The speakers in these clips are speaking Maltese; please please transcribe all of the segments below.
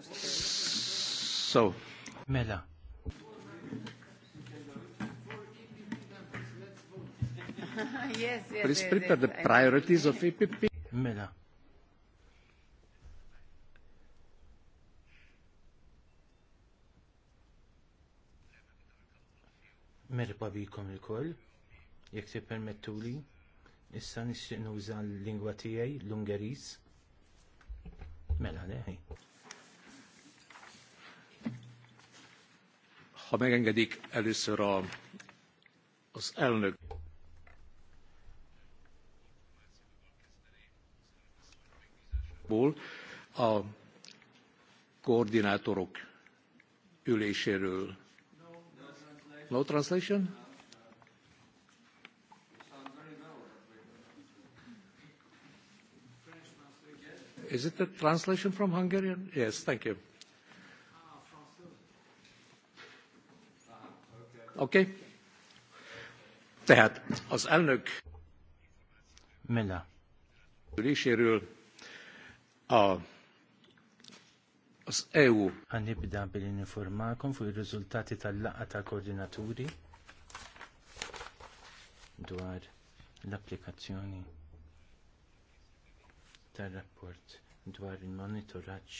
So. Mela. yes, yes. Please prepare the priorities of EPP. Mela. Merba bikom il-koll, jek ti permettu li, issa nixtieq nuża l-lingwa tijaj, l-Ungeriż. Mela, leħi. Ha megengedik először a, az elnök. A koordinátorok üléséről. No, translation? No translation? Is it a translation from Hungarian? Yes, thank you. Oké? Okay? Tehát az elnök Mela. üléséről a az EU. Għanibda bil-informakom fuq il-rizultati tal-laqqa tal-koordinaturi dwar l-applikazzjoni tal-rapport dwar il-monitoraġġ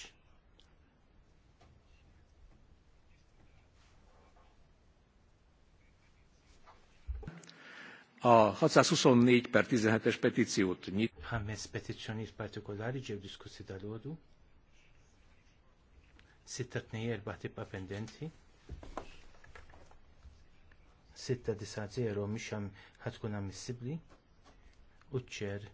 A 624 per 17 petizzjut. Ħames petizzjonijiet partikolari ġew diskussi dal għodu Sitta 6-2-4 tibqa pendenti. Sitta disa zero miex ħatkun ammissibli. U ċer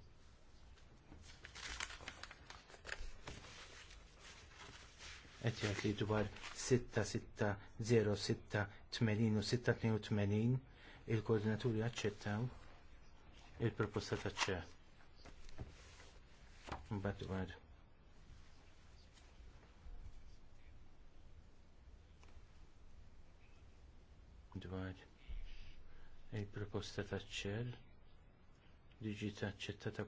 qed jgħid li dwar 660680 u 682 il-koordinaturi aċċettaw il-proposta taċ-ċe. Mbagħad dwar dwar il-proposta taċ-ċer diġi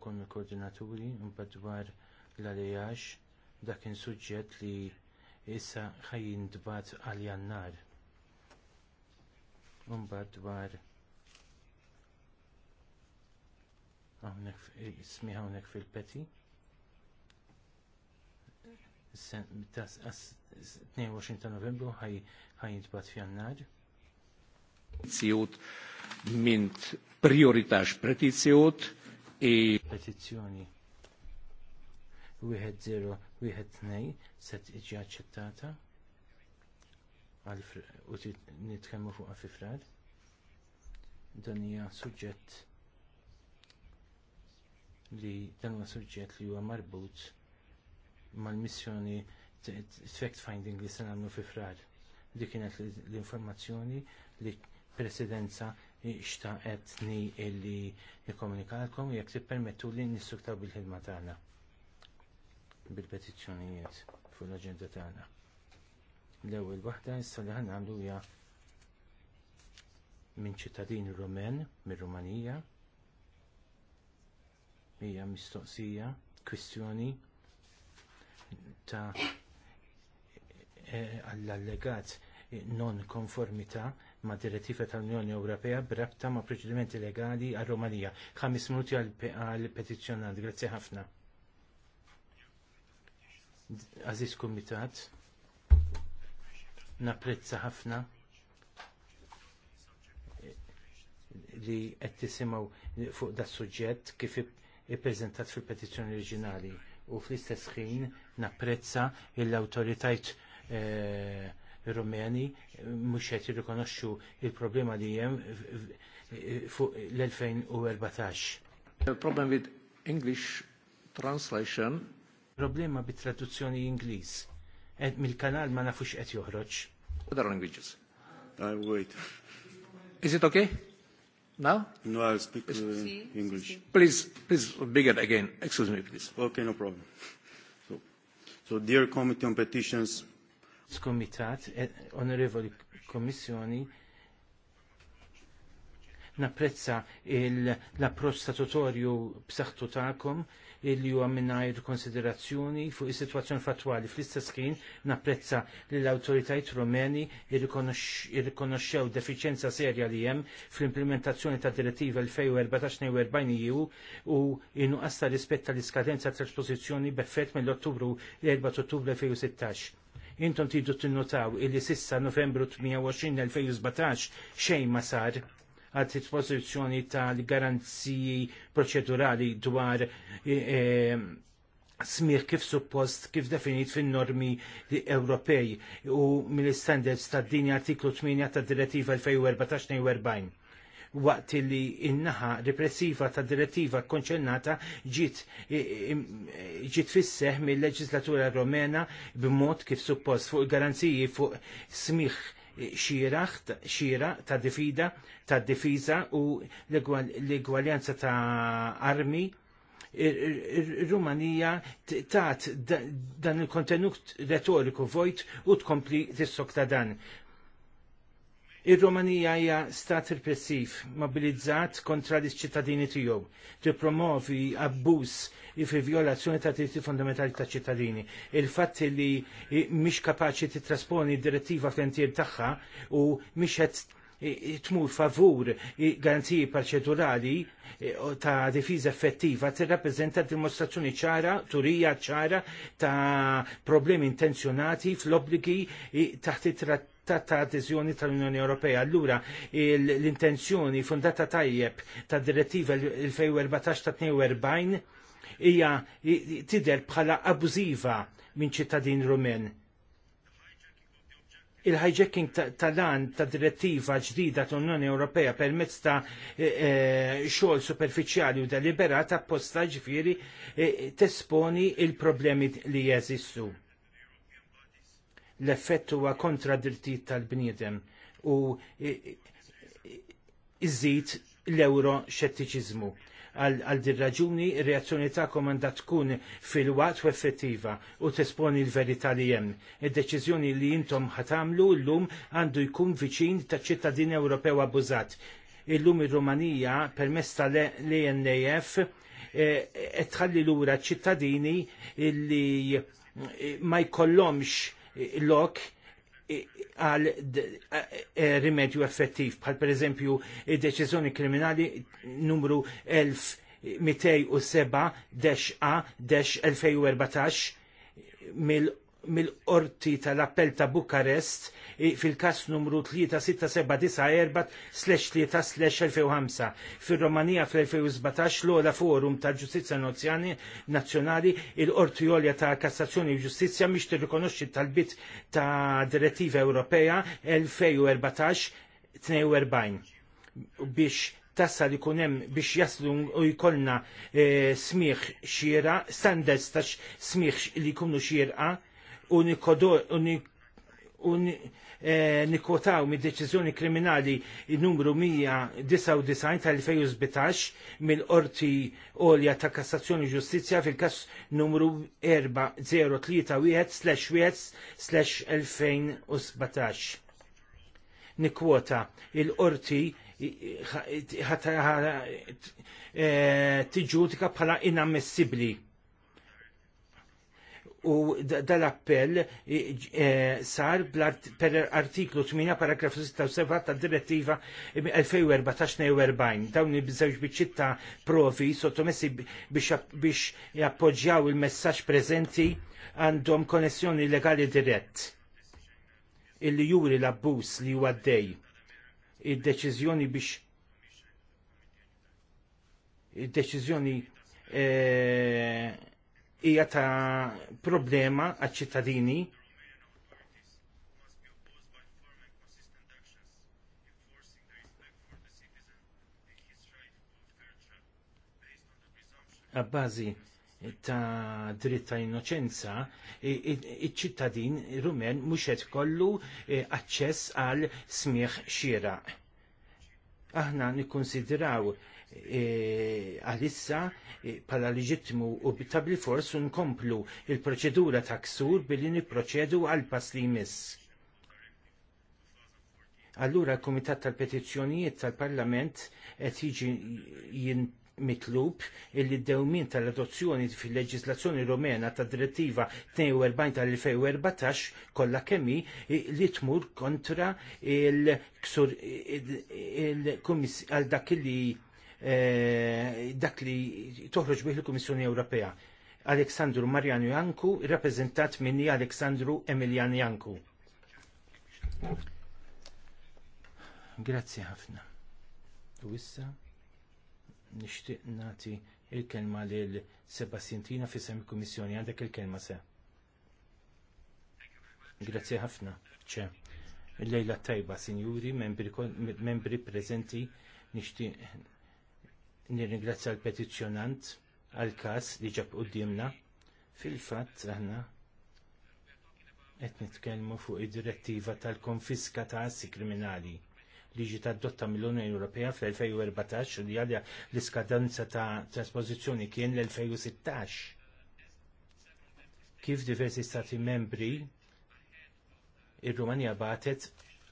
kom il-koordinaturi mbagħad dwar l-għalijax dak kien li issa ħajjin dbat għal jannar. Umbat dwar eh, ismi hawnhekk fil-peti. 22 ta' novembru ħajjin dbat f'jannar. Tizzjut mint prioritax pretizzjut i e- petizzjoni 1012 se tiġi aċċettata u nitkellmu fuqha fi frar. Dan hija suġġett li dan huwa suġġett li huwa marbut mal-missjoni fact finding li se nagħmlu fi frar. Di kienet l-informazzjoni li presidenza xtaqetni illi nikkomunikalkom jekk tippermettu li nissuktaw bil-ħidma tagħna bil-petizzjonijiet fuq l-aġenda tagħna. L-ewwel waħda issa li ħanamlu hija minn ċittadin Rumen mir-Rumanija hija mistoqsija kwistjoni ta' e, għall-allegat non konformità ma' direttiva tal-Unjoni Ewropea b'rabta ma' proċedimenti legali għal Rumanija. Ħames minuti għall petizzjonant grazzi ħafna. Aziz Kumitat, napprezza ħafna li qed tisimgħu fuq da suġġett kif ippreżentat fil-petizzjoni oriġinali u fl-istess ħin napprezza l-awtoritajt eh, rumeni mhux qed jirrikonoxxu l problema li hemm fuq l-2014. The problem with English translation problema bit traduzzjoni Ingliż. Ed Mill-kanal ma nafux qed joħroġ. Other languages. I wait. Is it okay? Now? No, I'll speak uh, English. Please, please, bigger again. Excuse me, please. Okay, no problem. So, so dear Committee on Petitions. Skomitat, eh, Onorevoli Kommissjoni, napprezza l-approċċ statutorju b'saħħtu tagħkom illi huwa mingħajr konsiderazzjoni fuq is-sitwazzjoni fattwali. Fl-istess ħin napprezza li l-awtoritajiet rumeni irrikonoxxew defiċenza serja li hemm fl-implementazzjoni ta' direttiva l-feu 2014-42 EU u innuqas ta' rispett tal-iskadenza trasposizzjoni b'effett mill-Ottubru l-4 Ottubru 2016 intom tidu tinnotaw illi sissa novembru 28 2017 xejn ma sar għad it-t-pożizzjoni tal-garanziji proċedurali dwar e, e, smir kif suppost kif definit fin normi Ewropej u mill-standards tad din artiklu 8 tad direttiva 2014 2014 waqt li innaħa repressiva ta' direttiva konċennata ġiet e, ġiet fisseħ mill-leġislatura romena b'mod kif suppost fuq garanziji fuq smiħ xiraħ ta' difida ta' difiża u l-igwaljanza ta' armi il-Rumanija tat dan il-kontenut retoriku vojt u tkompli tissok ta' dan. Ir-Romanija hija stat repressiv, mobilizzat kontra l-ċittadini tiegħu, tippromovi abbuż fi violazzjoni ta' diritti fondamentali ta' ċittadini. Il-fatt li mhix kapaċi titrasponi d-direttiva fl-entier tagħha u mhix qed tmur favur garanziji proċedurali ta' difiża effettiva tirrappreżenta dimostrazzjoni ċara, turija ċara ta' problemi intenzjonati fl-obbligi taħt it-trattat ta' ta' tal-Unjoni Ewropea. Allura l-intenzjoni fundata tajjeb ta' direttiva il-2014 ta' 42 hija tider bħala abużiva minn ċittadin Rumen il-hijacking tal-an ta' direttiva ġdida tal-Unjoni Ewropea permezz ta' e, e, xogħol superfiċjali u deliberata apposta ġifieri e, tesponi il-problemi li jeżistu. L-effett huwa kontra drittijiet tal-bniedem u iżid l-euro xettiċiżmu għal din raġuni ir-reazzjoni ta' għandha tkun fil wat u effettiva u tesponi l-verità li hemm. Id-deċiżjoni li intom ħatamlu llum għandu jkun viċin taċ ċittadin Ewropew abbużat. Illum ir-Rumanija permezz tal-ENAF e, e, tħalli lura ċittadini li ma jkollhomx lok għal e- e- rimedju effettiv, bħal per eżempju deċiżjoni kriminali numru 1207-A-2014 mill mill-qorti tal-appell ta' Bukarest fil-kas numru 3679-3-2005 fil-Romanija fil-2017 l-ola forum ta' ġustizja nazjonali il-qorti olja ta' kassazzjoni ġustizja miex tirrikonoxxi tal-bit ta' direttiva Ewropea 2014-42 biex tassa li kunem biex jaslu u jkollna e, eh, smiħ xira, standards ta' smiħ li kunu xirqa u eh, nikotaw mid deċiżjoni kriminali numru 199 tal-2017 mill-Qorti Olja ta' Kassazzjoni Ġustizzja fil-kas numru 403 1 2017 Nikwota il-Qorti eh, tiġudika bħala inammissibli u dal-appell eh, sar per artiklu 8 paragrafu 67 ta' direttiva 2014 2014 dawn il-bizzawġ biċitta provi sottomessi biex jappoġġjaw il-messaġġ preżenti għandhom konnessjoni legali dirett illi juri l-abbus li huwa dej id-deċiżjoni biex id-deċiżjoni e, hija ta' problema għal ċittadini għabbażi ta' dritta innoċenza, iċ-ċittadin rumen mhux qed kollu e, aċċess għal smieħ xieraq. Aħna nikkonsidraw għalissa pala liġittmu u bittabli forsu nkomplu il-proċedura ta' ksur billi niproċedu għal pass li jmiss. Allura l-Kumitat tal-Petizzjonijiet tal-Parlament qed jiġi mitlub illi d-dewmin tal-adozzjoni fil-leġislazzjoni rumena ta' direttiva 42 tal-2014 kollha kemmi li tmur kontra il-ksur il-kumiss għal dak li Eh, dak li toħroġ bih l-Komissjoni Ewropea. Aleksandru Marjan Janku, rappresentat minni Aleksandru Emiljan Janku. Grazzi ħafna. U issa nixtieq nagħti l kelma lil Sebastientina fi il kummissjoni għandek il-kelma se. Grazzi ħafna. Ċe. Lejla tajba, sinjuri, membri, membri prezenti nixtieq nirringrazzja l-petizzjonant għal każ li ġab qudiemna. Fil-fatt aħna qed nitkellmu fuq id-direttiva tal-konfiska ta' assi kriminali li ġiet adotta mill-Unjoni Ewropea fl-2014 u li għalja l-iskadenza ta' trasposizzjoni kien l-2016. Kif diversi stati membri ir-Rumanija batet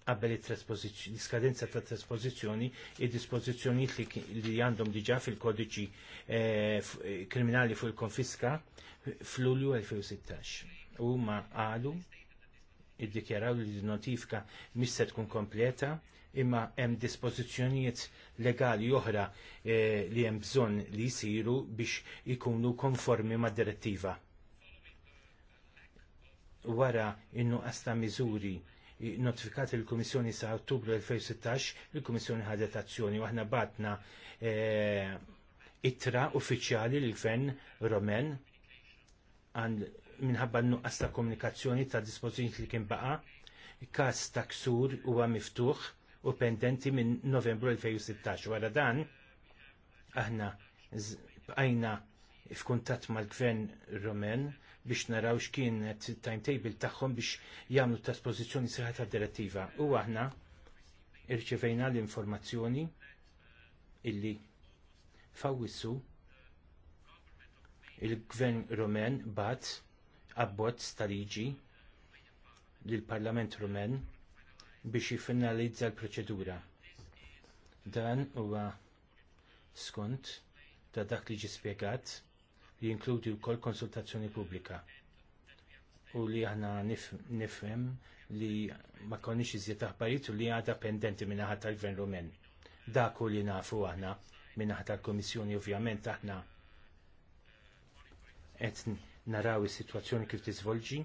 qabel l-iskadenza ta' trasposizjoni id-dispożizzjonijiet li għandhom diġà fil-kodiċi eh, eh, kriminali fuq il-konfiska fl-Ulju 2016. U ma id iddikjaraw li notifika mis se tkun kompleta imma hemm dispożizzjonijiet legali oħra eh, li hemm bżonn li jsiru biex ikunu konformi mad direttiva. Wara innu qasta miżuri notifikat il-Komissjoni sa' Ottubru 2016, il-Komissjoni ħadet azzjoni u aħna batna e, eh, ittra uffiċjali l-Gvern Romen minħabba n nuqqas ta' komunikazzjoni ta' dispozizjoni li kien baqa, kas ta' ksur huwa miftuħ u pendenti minn Novembru 2016. Wara dan, aħna bqajna f'kuntatt mal-Gvern Romen biex naraw x'kienet timetable tagħhom biex jagħmlu trasposizzjoni sħiħa tad-direttiva. U aħna irċevejna l-informazzjoni illi fawissu il-Gvern Rumen bat abbozz ta' liġi lill-Parlament Rumen biex jiffinalizza l-proċedura. Dan huwa skont ta' dak li ġi spjegat li jinkludi wkoll konsultazzjoni pubblika. U li aħna nifhem li ma konniex iżjed aħbarijiet u li għadha pendenti minn naħa tal-Gvern Rumen. Dak li nafu aħna minn naħa tal-Kummissjoni ovvjament aħna qed naraw is-sitwazzjoni kif tiżvolġi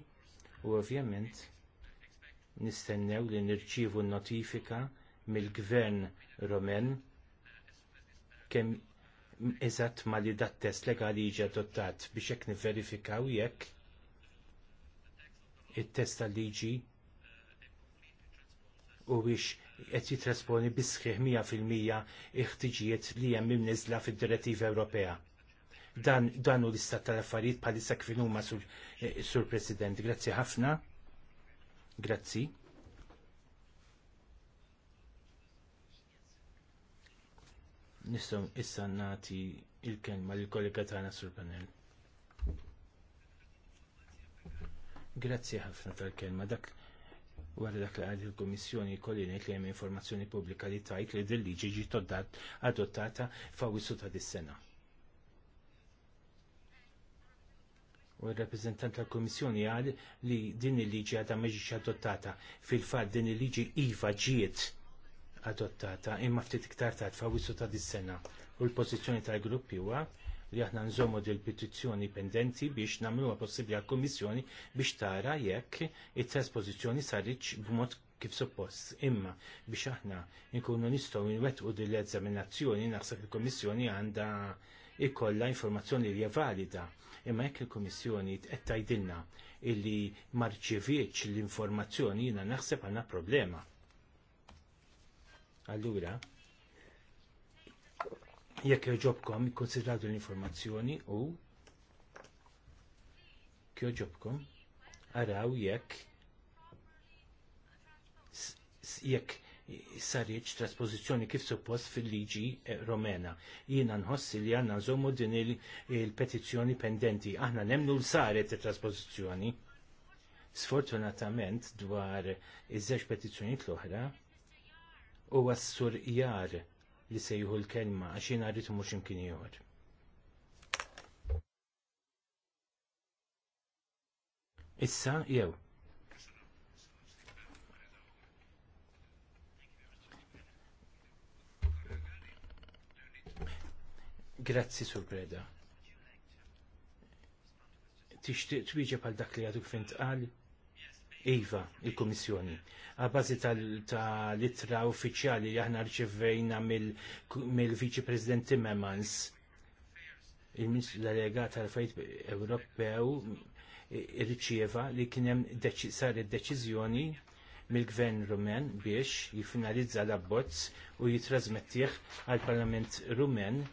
u ovvjament nistennew li nirċievu notifika mill-Gvern Rumen kemm eżatt ma li dat test legali jiġi adottat biex hekk niverifikaw jekk it-test tal-liġi u biex qed jitrasponi bisħiħ 100% il-ħtiġijiet li hemm imniżla fid-Direttiva Ewropea. Dan, hu l-istat tal-affarijiet bħalissa kif huma eh, sur President. Grazzi ħafna. Grazzi. Nistgħu issa nagħti l kelma lill kollega tagħna sur panel. Grazzi ħafna tal-kelma dak wara dak li għad il-Komissjoni kolli li hemm informazzjoni pubblika li tajt li din liġi ġiet adottata f'Awwissu ta' dis-sena. u r-rappreżentant tal kummissjoni qal li din il-liġi għadha ma ġietx adottata fil-fatt din il-liġi iva ġiet adottata imma ftit iktar tard fawissu ta' dis-sena u l-pożizzjoni tal-gruppi huwa li aħna nżommu dil petizzjoni pendenti biex nagħmluha possibbli għall kummissjoni biex tara jekk it-trasposizzjoni saritx b'mod kif suppost. Imma biex aħna nkunu nistgħu nwettqu din l-eżaminazzjoni naħseb il-Kummissjoni għandha jkollha informazzjoni li hija valida. Imma jekk il-Kummissjoni qed tgħidilna illi marċiviex l-informazzjoni jiena naħseb għandna problema Allura, jekk joġobkom ikkonsidratu l-informazzjoni u joġobkom araw jekk jekk sarriċ trasposizjoni kif suppost fil-liġi eh, romena. Jiena nħossi li għanna nżommu din il-petizzjoni pendenti. Aħna nemnu l-saret trasposizjoni Sfortunatament dwar iż-żewġ petizzjonijiet l-oħra, u għassur jar li jieħu l-kelma għax jien rritu mhux imkien ieħor. Issa jew. Grazzi sur Breda. Tixtieq twieġeb għal dak li għadu fint qal? Iva, il-Komissjoni. Għabazi tal-litra uffiċjali li aħna rċivejna mill-Viċi President Timmermans, il-Ministru delegat tal fajt Ewropew irċieva li kienem sar id-deċiżjoni mill-Gvern Rumen biex jifinalizza l-abbozz u jitrasmettih għal-Parlament Rumen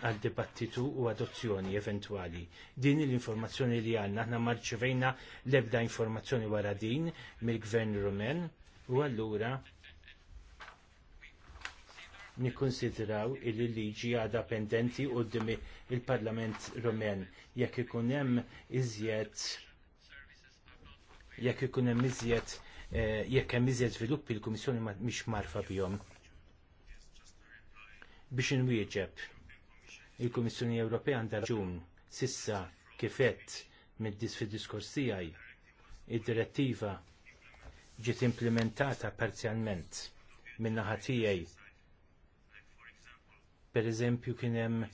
għad dibattitu u adozzjoni eventwali. Din l-informazzjoni li għanna, aħna marċivejna lebda informazzjoni wara din mill-gvern rumen u allura nikkonsidraw il liġi għadha pendenti u il-Parlament rumen jekk ikun hemm iżjed jekk ikun hemm iżjed eh, jekk hemm iżjed żviluppi l-Kummissjoni mhix marfa bihom biex inwieġeb il-Kummissjoni Ewropea għandha raġun sissa kifet mid-diskors tiegħi id-direttiva ġiet implementata parzjalment min-naħa tiegħi. Pereżempju kien hemm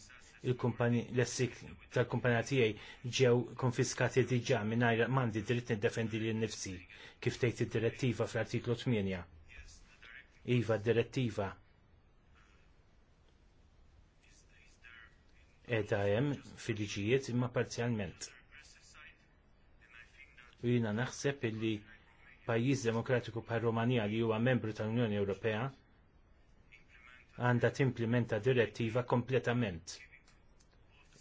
l-essik tal-kumpanija tiegħi ġew konfiskati diġà mingħajr m'għandi dritt niddefendi lil nnifsi kif tgħid id-direttiva fl-artiklu 8. Iva d-direttiva edha hemm fil imma parzjalment. U jiena naħseb illi pajjiż demokratiku bħal Rumanija li huwa membru tal-Unjoni Ewropea għandha timplementa direttiva kompletament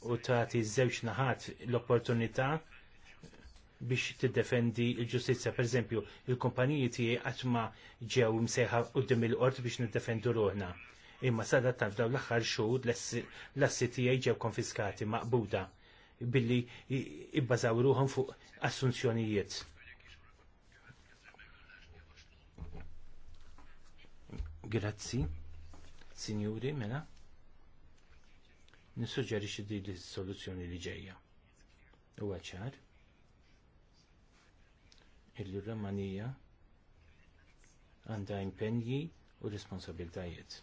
u tagħti żewġ naħat l-opportunità biex tiddefendi l ġustizzja pereżempju, il-kumpaniji tiegħi qatt ma ġew msejħa quddiem il-qorti biex niddefendu ruħna imma sada taf f'daw l-aħħar xud l-assi tiegħi ġew konfiskati maqbuda billi ibbażaw ruhom fuq assunzjonijiet. Grazzi, signori, mela. Nissuġġerixi di l-soluzzjoni li ġejja. Huwa ċar il-Romanija għandha impenji u responsabiltajiet.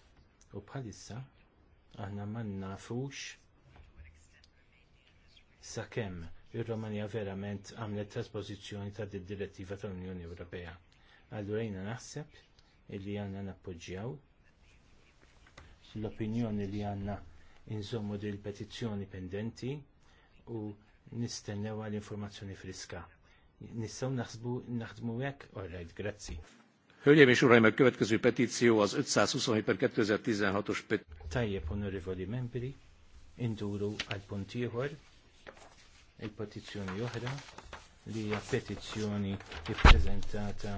U bħalissa aħna ma nafux sakemm ir-Romanja verament għamlet trasposizzjoni ta' din direttiva tal-Unjoni Ewropea. Allura naħseb illi għandna nappoġġjaw l-opinjoni li għandna inżommu din il-petizzjoni pendenti u nistennew għal informazzjoni friska. Nistgħu naħsbu naħdmu hekk? All right, grazzi. Hölgyeim és Uraim, a következő petíció az 2016-os petíció. membri, induru għal puntiħor, il-petizjoni oħra li hija petizzjoni ippreżentata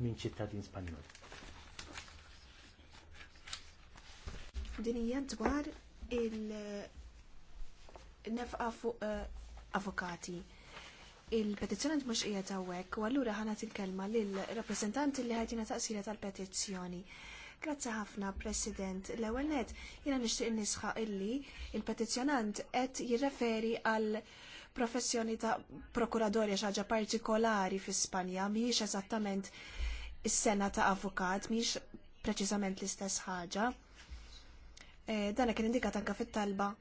minn ċittadin spagnol. Dinijan dwar il-nefqa fuq eh, avokati. Uh, il-petizzjonant mhux qiegħed hawnhekk u allura ħanat il-kelma lill-rappreżentanti li ħajtina taqsira tal-petizzjoni. Grazzi ħafna, President. L-ewwel net jiena nixtieq nisħaq illi il-petizzjonant qed jirreferi għal professjoni ta' prokuradorja xaġa partikolari fi Spanja mhijiex eżattament is-sena ta' avukat, mhijiex preċiżament l-istess ħaġa. Eh, dana kien indikat anka fit-talba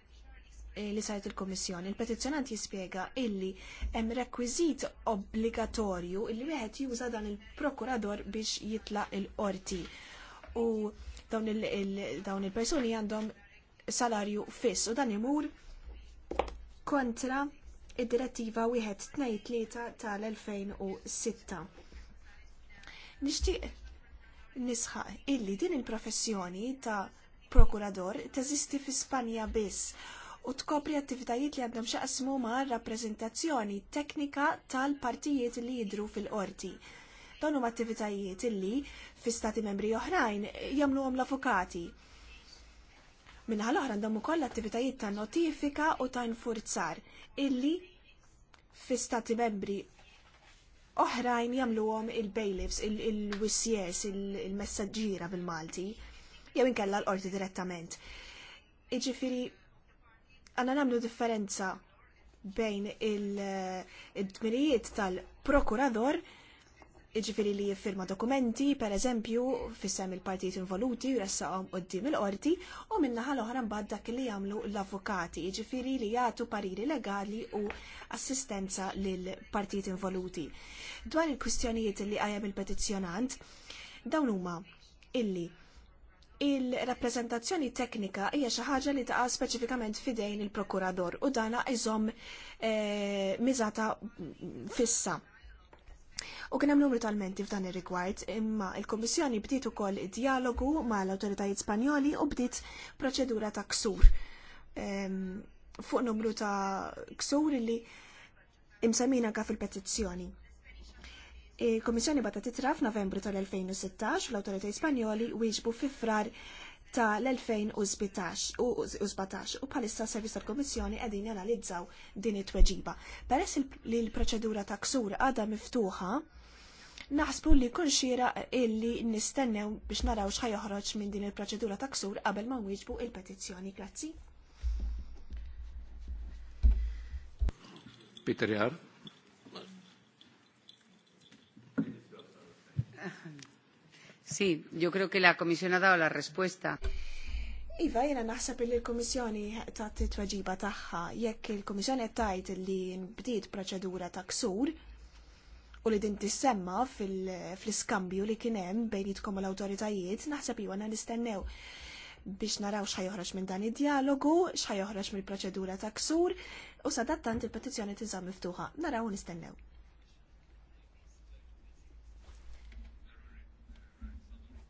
Eh, li sajt il-Komissjoni. Il-petizjonant jispiega illi hemm rekwiżit obbligatorju illi wieħed juża dan il-prokurador biex jitla il-qorti. U dawn il-persuni għandhom salarju fiss u dan imur kontra id-direttiva wieħed tnejn tlieta tal-2006. Nixtieq nisħaq illi din il-professjoni ta' prokurador teżisti fi Spanja biss u tkopri attivitajiet li għandhom xaqsmu ma' rappreżentazzjoni teknika tal-partijiet li jidru fil-qorti. Dawn huma attivitajiet li fi stati membri oħrajn jagħmluhom l-avukati. Minħal oħra għandhom ukoll attivitajiet ta' notifika u ta' infurzar illi fi stati membri oħrajn jagħmluhom il-bailiffs, il-wissiers, il-messaġġiera bil-Malti, jew inkella l-qorti direttament. Iġifiri, għanna namlu differenza bejn il-dmirijiet eh, tal-prokurador iġifiri li jiffirma dokumenti, per eżempju, fissem il-partijiet involuti, jressaqom d-dim il-qorti, u minnaħa l-oħra mbad dak li jagħmlu l-avukati, iġifiri li jagħtu pariri legali u assistenza l partijiet involuti. Dwar il-kwistjonijiet li qajjem il-petizzjonant, dawn huma illi il-rappresentazzjoni teknika hija xi ħaġa li taqa' speċifikament fidejn il-prokurador u dana jżomm eh, miżata fissa. U kien hemm numru tal-menti f'dan ir-rigward, imma il-Kummissjoni bdiet ukoll dialogu mal-awtoritajiet Spanjoli u bdiet proċedura ta' ksur. Fuq numru ta' ksur li imsemmina ka fil-petizzjoni. Il-Komissjoni bata titra f'Novembru tal-2016 l-Autorità Spanjoli wieġbu fi frar tal-2017 u palissa servis tal-Komissjoni għedin analizzaw din it-tweġiba. Peress li l-proċedura ta' ksur għada miftuħa, naħsbu li kun xira illi nistennew biex naraw xħaj joħroġ minn din il-proċedura ta' ksur qabel ma wieġbu il-petizzjoni. Grazzi. Peter Jar. Sí, yo creo que la Comisión ha dado la Iva, jena naħseb li l-Komissjoni ta' t-tweġiba taħħa, jekk il-Komissjoni tajt li nbdiet proċedura ta' ksur u li din tissemma fl-iskambju li kienem bejn u l-autoritajiet, naħseb iwa na nistennew biex naraw xħajoħroġ minn dan id-dialogu, xħajoħroġ mill proċedura ta' ksur u sadattant il-petizjoni tiżam miftuħa. Naraw nistennew.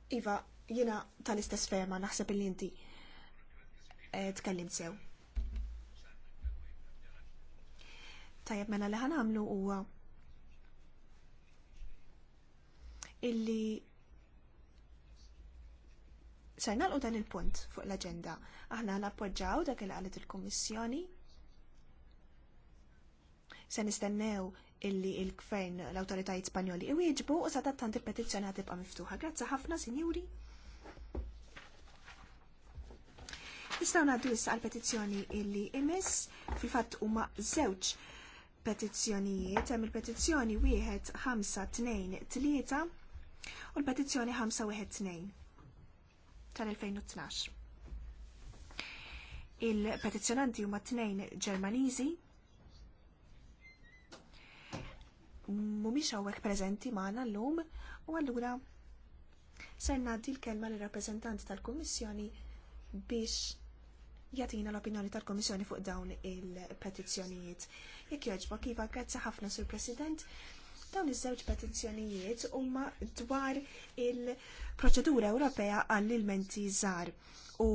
Iva, jina tal-istess ferma naħseb li inti eh, tkellimt sew. Tajab mela li ħanamlu huwa illi Se nalqu dan il-punt fuq l-aġenda. Aħna nappoġġaw dak il qalet il-Kummissjoni. Se nistennew illi il-gvern l-autoritajiet Spanjoli iwieġbu u sa tant il-petizzjoni ħatibqa' miftuħa. Grazzi ħafna, sinjuri. Nistgħu ngħaddu issa għal petizzjoni illi imiss. fil-fatt huma żewġ petizzjonijiet hemm il-petizzjoni wieħed ħamsa tnejn tlieta u l-petizzjoni ħamsa wieħed tnejn tal-2012. Il-petizzjonanti huma tnejn Ġermaniżi mumiex hawnhekk preżenti l llum u allura ser ngħaddi l-kelma l rappreżentanti tal-Kummissjoni biex jagħtina l-opinjoni tal-Kummissjoni fuq dawn il-petizzjonijiet. Jekk jogħġbok kiva grazzi ħafna sur President, dawn iż-żewġ petizzjonijiet huma dwar il-proċedura Ewropea għall-ilmenti żgħar u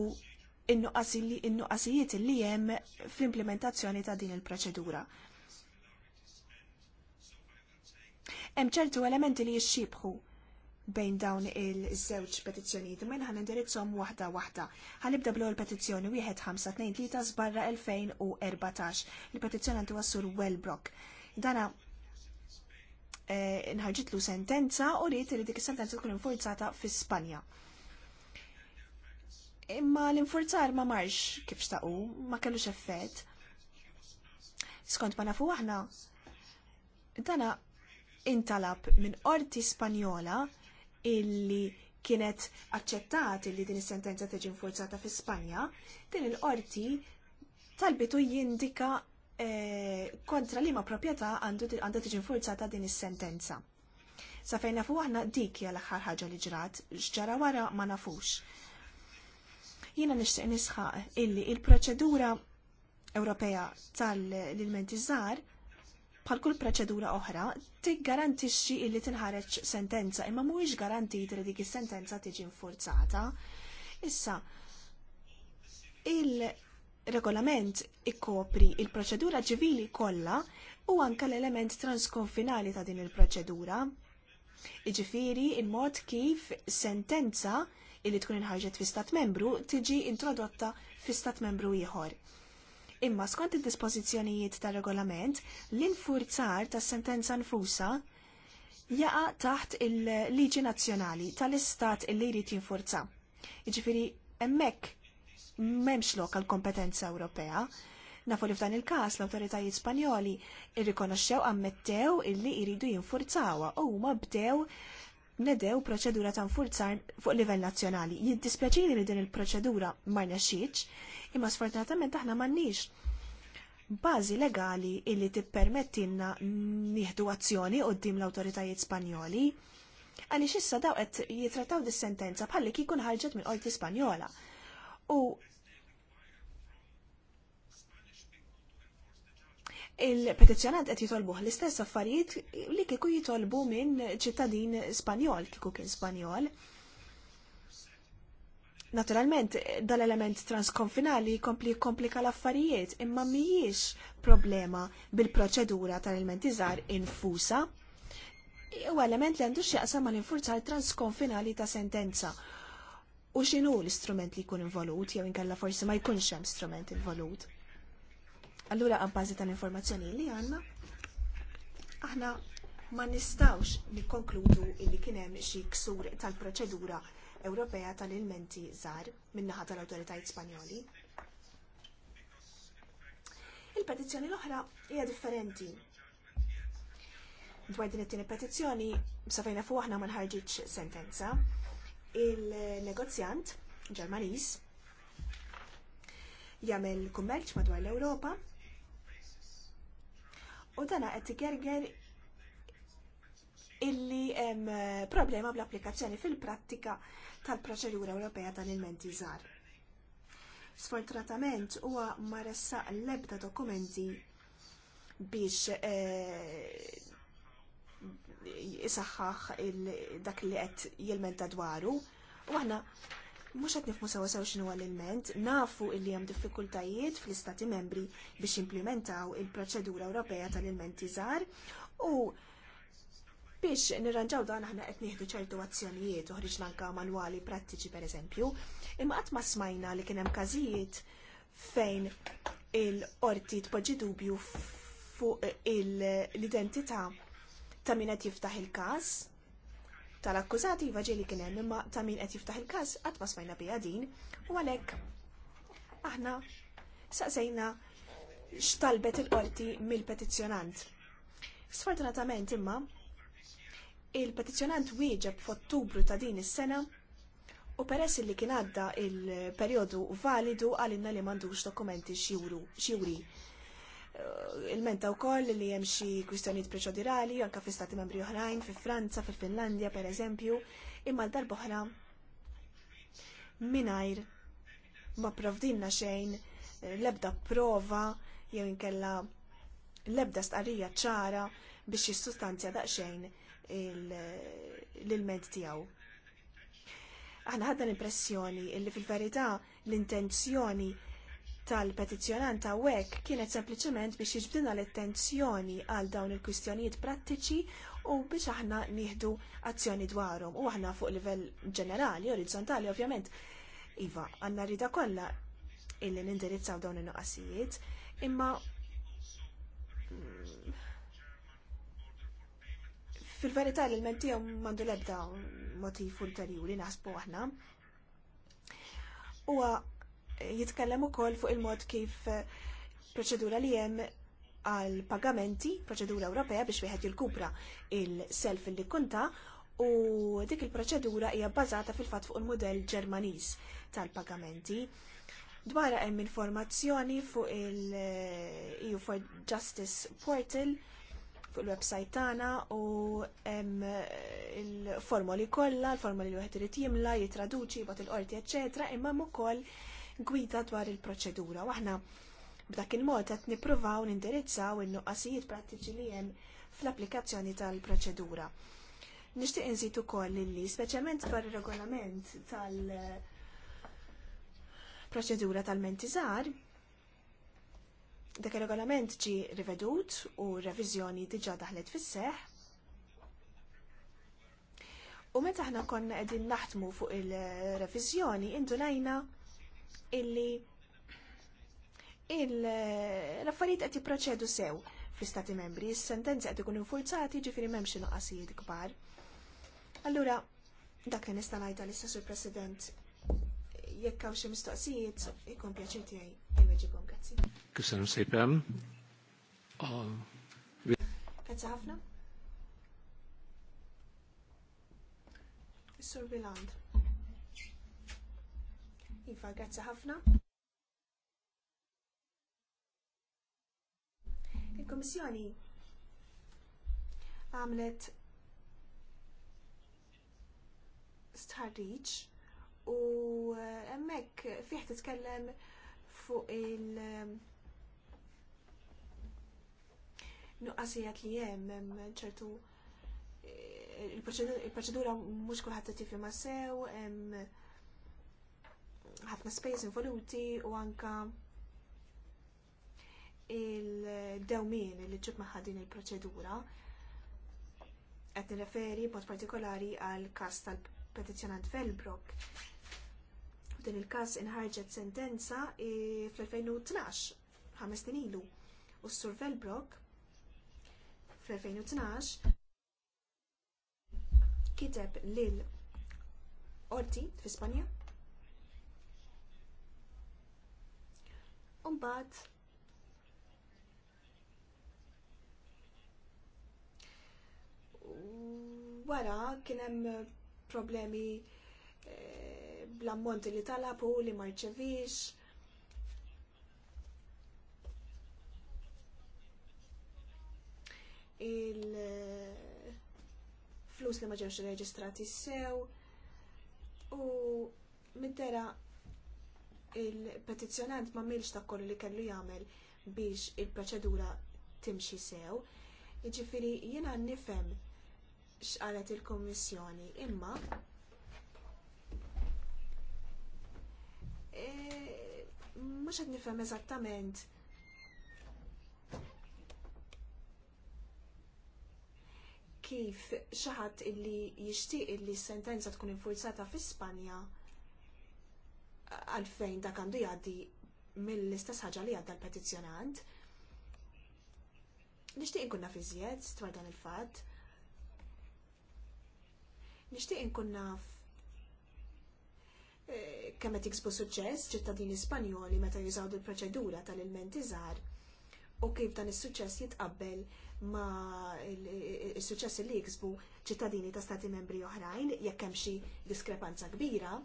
innuqqasijiet li hemm fl-implementazzjoni ta' din il-proċedura. hemm ċertu elementi li jixxibħu bejn dawn il-żewġ petizzjonijiet imma ħan indirizzhom waħda waħda. Ħanibda bl l petizzjoni wieħed 1523 barra 2014. Il-petizzjonanti għassur Wellbrook. Dana eh, nħarġitlu sentenza u rrit li dik is-sentenza tkun infurzata fi Spanja. Imma l-infurzar ma marx kif xtaqu, ma kellux effett. Skont ma nafu aħna, dana intalab minn qorti Spanjola illi kienet aċċettat li din is-sentenza tiġi infurzata fi Spanja, din il-qorti talbitu jindika eh, kontra li ma proprjetà għandha tiġi infurzata din is-sentenza. Sa fejn nafu aħna dik hija l-aħħar ħaġa li ġrat, x'ġara wara ma nafux. Jiena nixtieq nisħaq illi il-proċedura Ewropea tal-ilmenti żgħar bħal kull proċedura oħra tiggarantixxi illi tinħareġ sentenza imma mhuwiex garantit li dik is-sentenza tiġi infurzata. Issa il-regolament ikkopri il-proċedura ċivili kollha u anke l-element transkonfinali ta' din il-proċedura. Iġifieri il-mod kif sentenza illi tkun inħarġet fi stat membru tiġi introdotta fi stat membru ieħor. Imma skont id-dispożizzjonijiet tar regolament, l-infurzar tas sentenza nfusa jaqa taħt il-liġi nazzjonali tal-istat illi jrid jinfurza. Jiġifieri hemmhekk m'hemmx lokal kompetenza Ewropea, Nafu li f'dan il-kas l-autoritajiet Spanjoli irrikonoxxew ammettew illi jridu jinfurzawa u huma bdew nedew proċedura ta' nfurzar fuq livell nazzjonali. Jiddispjaċini li din il-proċedura ma nexxiex, imma sfortunatament aħna m'għandniex bażi legali illi tippermettilna nieħdu azzjoni qudiem l-awtoritajiet Spanjoli għaliex issa daw qed jitrattaw dis-sentenza bħalli kikun ħarġet minn qorti Spanjola. U il-petizjonant qed jitolbuh l-istess affarijiet li kieku jitolbu minn ċittadin Spanjol, kieku kien Spanjol. Naturalment, dal-element transkonfinali kompli komplika l-affarijiet, imma mhijiex problema bil-proċedura tal-elementi żgħar infusa. u element li għandu x'jaqsam l-infurza transkonfinali ta' sentenza. U x'inhu l-istrument li jkun involut jew inkella forsi ma jkunx hemm strument involut. Allura għabbażi tal-informazzjoni li għanna, aħna ma nistawx nikkonkludu li kien hemm xi ksur tal-proċedura Ewropea tal-ilmenti żgħar min-naħa tal-awtoritajiet Spanjoli. Il-petizzjoni l-oħra hija differenti. Dwar din it-tieni petizzjoni safejna fuq aħna ma nħarġitx sentenza. Il-negozjant Ġermaniż jagħmel kummerċ madwar l-Ewropa U dana qed igerger illi hemm eh, problema bl-applikazzjoni fil-prattika tal-proċedura Ewropea tal-ilmenti żgħar. Sfortunatament huwa ma ressaq l-ebda dokumenti biex jisaxħax eh, dak li qed jilmenta dwaru u aħna Mhux qed nifmu sawa sawa xinu għal ilment nafu illi hemm diffikultajiet fl-Istati membri biex implementaw il-proċedura Ewropea tal-ilmenti żgħar u biex nirranġaw dan aħna qed nieħdu ċertu azzjonijiet uħriġna anke manwali prattiċi pereżempju, imma qatt ma smajna li kien hemm każijiet fejn il-qorti tpoġġi dubju fuq l-identità ta' min qed jiftaħ il-każ tal-akkużati vaġeli kien hemm imma ta' min qed jiftaħ il-każ qatt ma smajna biha din u għalhekk aħna saqsejna x'talbet il-qorti mill-petizzjonant. Sfortunatament imma il-petizzjonant wieġeb f'Ottubru ta' din is-sena u peress li kien għadda il-perjodu validu għalinna li m'għandux dokumenti xjuri il-menta u koll li jemxi kwistjoniet preċodurali, anka fi stati membri oħrajn, fi Franza, fi Finlandja, per eżempju, imma l-darboħra minajr ma provdinna xejn lebda prova jew inkella lebda stqarrija ċara biex jissustanzja daqxejn l-ilment tijaw. Aħna ħadna l-impressjoni illi fil-verità l-intenzjoni tal petizzjonant wek kienet sempliċement biex jiġbdina l-attenzjoni għal dawn il-kwistjonijiet prattiċi u biex aħna nieħdu azzjoni dwarhom u aħna fuq livell ġenerali, orizzontali ovvjament. Iva, għanna rida kollha illi nindirizzaw dawn il nuqqasijiet imma mm, fil-verità l għom mandu lebda motif ulterjuri naħsbu aħna. U jitkellem ukoll fuq il-mod kif eh, proċedura li hemm għal pagamenti, proċedura Ewropea biex wieħed jilkupra il-self li kunta u dik il-proċedura hija bbażata fil-fatt fuq il-modell Ġermaniż tal-pagamenti. Dwar hemm informazzjoni fuq il-EU eh, for Justice Portal fuq il-website tagħna u hemm eh, il-formoli kollha, l formoli li wieħed irid jimla, jitraduċi, jibgħat il-qorti, eċċetera, imma hemm ukoll gwida dwar il-proċedura. Waħna b'dak il-mod qed nippruvaw nindirizzaw in-nuqqasijiet prattiċi li hemm fl-applikazzjoni tal-proċedura. Nixtieq inżid ukoll li speċjalment dwar ir-regolament tal-proċedura tal-mentizar, dak ir-regolament ġi rivedut u r-reviżjoni diġà daħlet fis-seħħ, U meta aħna konna qegħdin naħdmu fuq il-reviżjoni indunajna illi l-affarijiet qed jipproċedu sew fl-Istati Membri, is-sentenzi qed ikunu forzati ġifieri m'hemmx inqasijiet kbar. Allura, dak li nista' ngħid għall-istess sur President jekk hawn xi mistoqsijiet, ikun pjaċir tiegħi inweġibhom grazzi. Kisem sejpem. Ah, grazzi ħafna. sur Biland. Iva, grazzi ħafna. Il-Komissjoni għamlet starriċ u eh, emmek fiħ tkellem fuq il- nuqqasijat li jem ċertu eh, il-proċedura mux kullħat t ma sew, ħafna space involuti u anka il-dewmin li ġib maħħa din il-proċedura qed nirreferi b'mod partikolari għal każ tal-petizzjonant Velbrok. Din il-każ inħarġet sentenza e, fl-2012, ħames snin ilu. U s-sur Velbrok fl-2012 kiteb lil Orti fi Spanja Umbad. wara kien hemm problemi eh, bl-ammonti li talabu li marċevix. il-flus eh, li ma ġewx reġistrati sew u minn dera il-petizzjonant ma milx ta' kollu li kellu jagħmel biex il-proċedura timxi sew. Jiġifieri jiena nifhem x'qalet il kummissjoni imma e, mhux qed nifhem eżattament kif xi ħadd illi jixtieq illi s-sentenza tkun infurzata fi Spanja għalfejn dak għandu jgħaddi mill-istess ħaġa li għadda l-petizzjonant. Nixtieq inkun naf iżjed dwar dan il-fatt. Nixtieq inkun naf eh, kemm qed jiksbu suċċess ċittadini Spanjoli meta jużaw il proċedura tal-ilment iżgħar u kif dan is-suċċess jitqabbel ma is-suċċess li jiksbu ċittadini ta' stati membri oħrajn jekk hemm xi diskrepanza kbira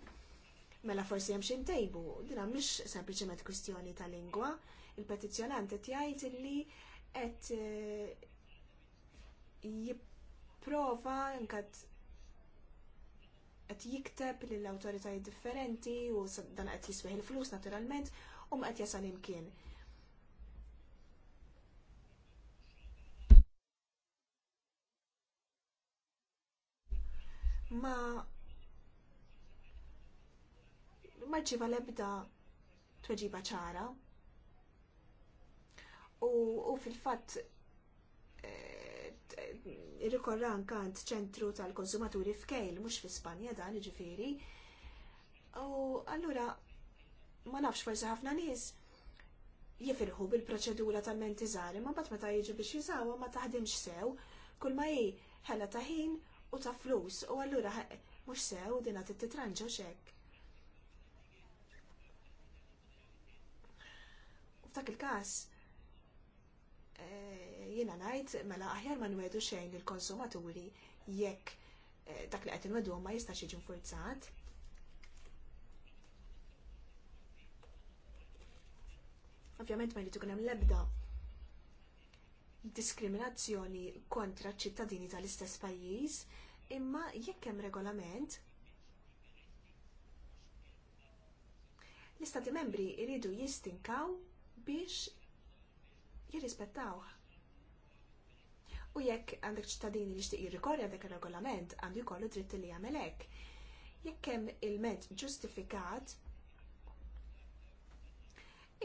mela forsi hemm xi ntejbu. Dina mhix sempliċement kwistjoni ta' lingwa, il-petizzjonant qed jajt illi qed eh, jipprova nkat qed jikteb lill awtoritajiet differenti u dan qed jisweħ il-flus naturalment u qed jasal imkien. Ma' l lebda tweġiba ċara. U, fil-fatt eh, rikorran kant ċentru tal-konsumaturi f'Kejl, mhux fi Spanja dan ġifiri. U allura ma nafx forsi ħafna nies jifirħu bil-proċedura tal-menti żgħar, ma bat meta jiġu biex jiżawha ma taħdimx sew, kull ma hi ħela ta' ħin u ta' flus u allura mhux sew dinha titranġa x'hekk. F'dak il-każ e, jiena ngħid mela aħjar ma nwedu xejn lill-konsumaturi jekk e, dak li qed inwedu ma jistax jiġi nfurzat. Ovvjament ma jrid ikun hemm l-ebda diskriminazzjoni kontra ċ ċittadini tal-istess pajjiż, imma jekk hemm regolament l-istati membri jridu jistinkaw biex jirrispettawh. U jekk għandek ċittadini li xtiq jirrikorja dak il-regolament, għandu jkollu dritt li jagħmel hekk. Jekk hemm il mezz ġustifikat,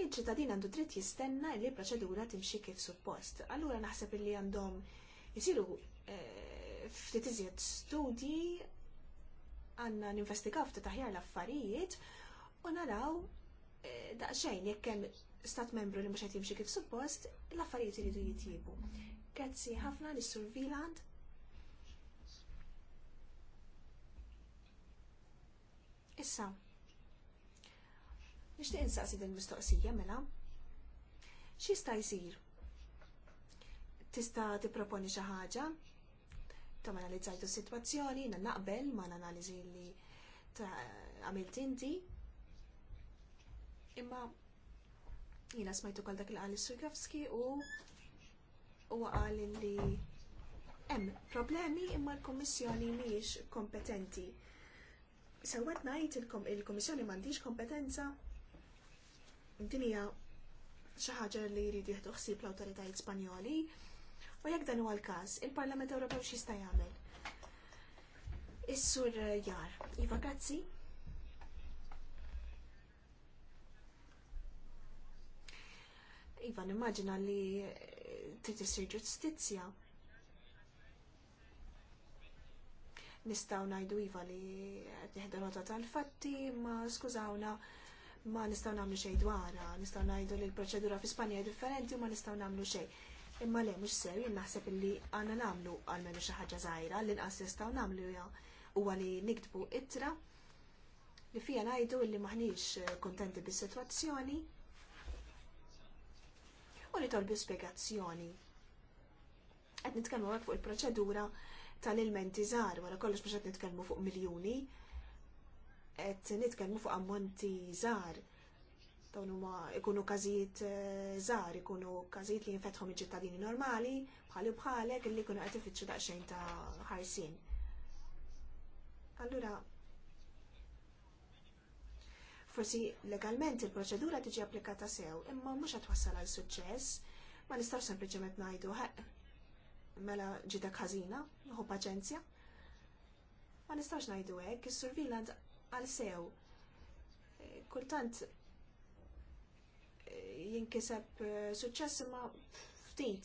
il-ċittadin għandu dritt jistenna li l-proċedura timxi kif suppost. Allura naħseb li għandhom jisiru eh, ftit iżjed studji għandna ninvestigaw ftit aħjar l-affarijiet u naraw eh, daqsxejn jekk hemm stat membru li mhux qed jimxi kif suppost, l-affarijiet iridu jitjiebu. Grazzi ħafna lis sur Viland. Issa, nixtieq insaqsi din mistoqsija mela. sta jsir? Tista' tipproponi xi ħaġa? Tom analizzajtu s-sitwazzjoni, na naqbel ma l-analiżi li għamilt inti. Imma Jina smajtu kol dak il-għali Sujkowski u u għali li hemm problemi imma l-Kommissjoni mhijiex kompetenti. Sewwet ngħid il-Kommissjoni m'għandhiex kompetenza din hija xi ħaġa li jridu jieħdu ħsieb l-awtoritajiet Spanjoli u jekk dan huwa l-każ, il-Parlament Ewropew jista' jagħmel? Is-sur Jar, Iva Gazzi, Iva, nimmaġina li trid isir ġustizzja. Nistgħu ngħidu iva li tieħdu nota tal-fatti, ma skużawna ma nistgħu nagħmlu xejn dwarha, nistgħu ngħidu li l-proċedura fi Spanja hija differenti u ma nistgħu nagħmlu xejn. Imma le mhux sew jien naħseb illi għandna nagħmlu għalmenu xi ħaġa żgħira li inqas nistgħu nagħmlu huwa li nikdbu ittra li fija ngħidu li maħniex kuntenti bis-sitwazzjoni u li nitolbu spjegazzjoni. Qed nitkellmu hekk fuq il-proċedura tal-ilmenti żgħar wara kollox biex qed nitkellmu fuq miljuni, qed nitkellmu fuq ammonti żgħar. Dawn huma ikunu każijiet eh, żgħar, ikunu każijiet li jinfetħu il-ġittadini normali bħali bħalek li jkunu qed ifittxu daqsxejn ta' ħarsin. Allura, Forsi legalment il-proċedura tiġi applikata sew, imma mhux qed wassal għal suċċess, ma nistaw sempliċement ngħidu mela ġita każina nħu paċenzja. Ma nistgħux ngħidu hekk, is surveillance għal sew. Eh, kultant eh, jinkiseb eh, suċċess imma ftit.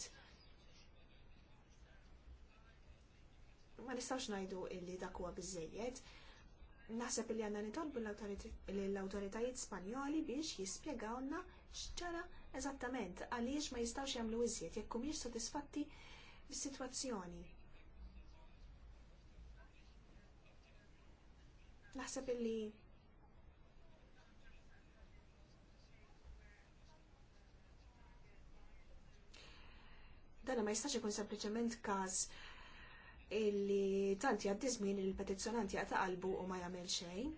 Ma nistgħux ngħidu illi dak huwa biżżejjed. Naħseb li għandna nitolbu l-awtoritajiet Spanjoli biex jispjegawna x'ġara eżattament għaliex ma jistgħux jagħmlu iżjed jekk humiex sodisfatti bis-sitwazzjoni. Naħseb illi ma jistax ikun sempliċement każ illi tant jgħaddi żmien il petizzjonanti jaqta' qalbu u ma jagħmel xejn.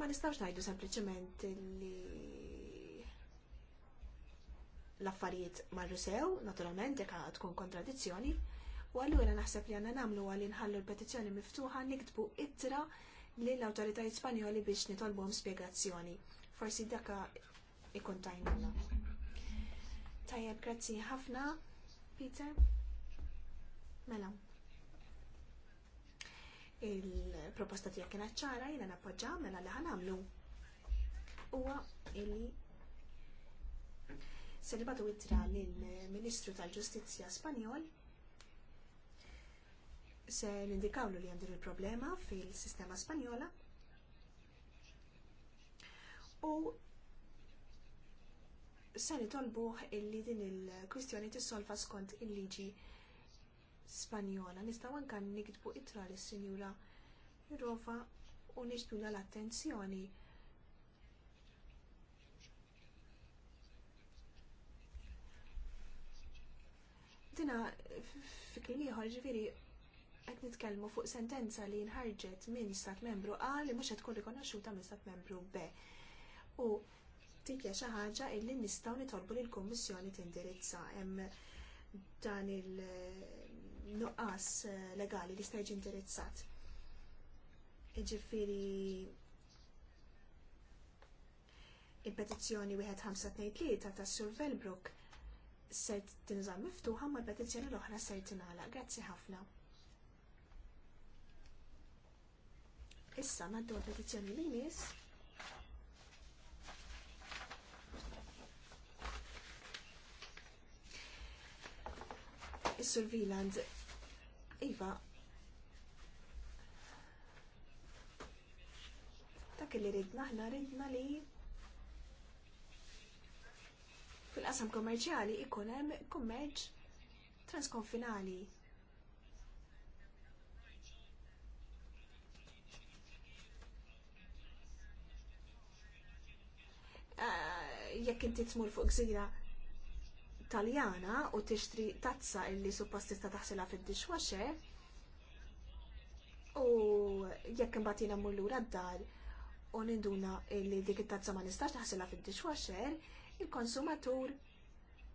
Ma nistgħux ngħidu sempliċement li l-affarijiet marru sew, naturalment jekk tkun kontradizzjoni, u allura naħseb li għandna nagħmlu għalli nħallu l-petizzjoni miftuħa niktbu ittra lill awtoritajiet Spanjoli biex nitolbhom spjegazzjoni. Forsi daka ikun tajnuna. Tajjeb, grazzi ħafna, Peter. Mela. Il-proposta tiegħek kienet ċara jiena nappoġġa mela li ħanamlu. Huwa illi se nibatu ittra lill-Ministru tal-Ġustizzja Spanjol se nindikawlu li għandir il-problema fil-sistema Spanjola u se nitolbuh illi din il-kwistjoni tissolva skont il-liġi Spanjola. Nistgħu anke nikdbu ittra lis sinjura Jurova u nixtuna l-attenzjoni. Dina fikri ieħor ġifieri qed nitkellmu fuq sentenza li nħarġet minn stat membru A li mhux qed tkun rikonoxxuta minn stat membru B. U dik hija xi ħaġa li nistgħu nitolbu lill kummissjoni tindirizza hemm dan il- nuqqas eh, legali li stajġi indirizzat. Ġifiri il-petizzjoni 1523 ta' Sur Velbrook ser tinżam miftuħa ma' l-petizzjoni l-oħra ser tinala. Grazzi ħafna. Issa naddu l-petizzjoni li nies. is-Sur Iva. Ta' kelli ridna aħna ridna li fil-qasam kommerċjali ikun hemm kummerċ transkonfinali. Ah, jekk inti tmur fuq gżira Taljana u tixtri tazza illi suppost tista' taħsilha fid-dishwasher u jekk imbagħad jiena mmur lura d-dar u ninduna illi dik it-tazza ma nistax taħsilha fid-dishwasher, il-konsumatur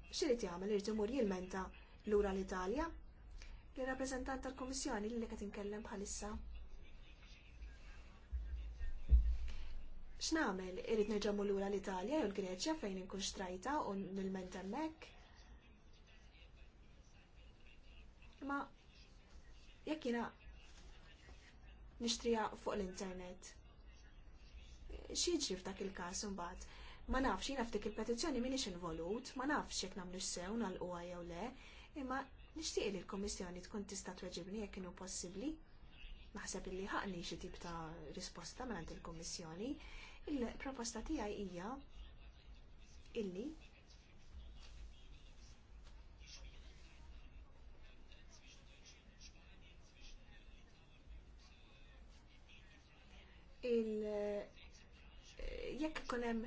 x'irid jagħmel irid imur jilmenta lura l-Italja l-rappresentant tal kummissjoni li qed inkellem bħalissa. X'namel irid nerġa' lura l-Italja jew l-Greċja fejn inkun xtrajta u nilment hemmhekk? imma jekk jiena nixtrija fuq l-internet. Xieġri f'dak il-każ imbagħad. Ma nafx jiena ftik il-petizzjoni minix involut, ma nafx jekk nagħmlu sew nagħlquha jew le, imma nixtieq li l-Kummissjoni tkun tista' tweġibni jekk inhu possibbli. Naħseb illi ħaqni xi tip ta' risposta mingħand il-Kummissjoni. Il-proposta tiegħi hija illi il- jekk ikun hemm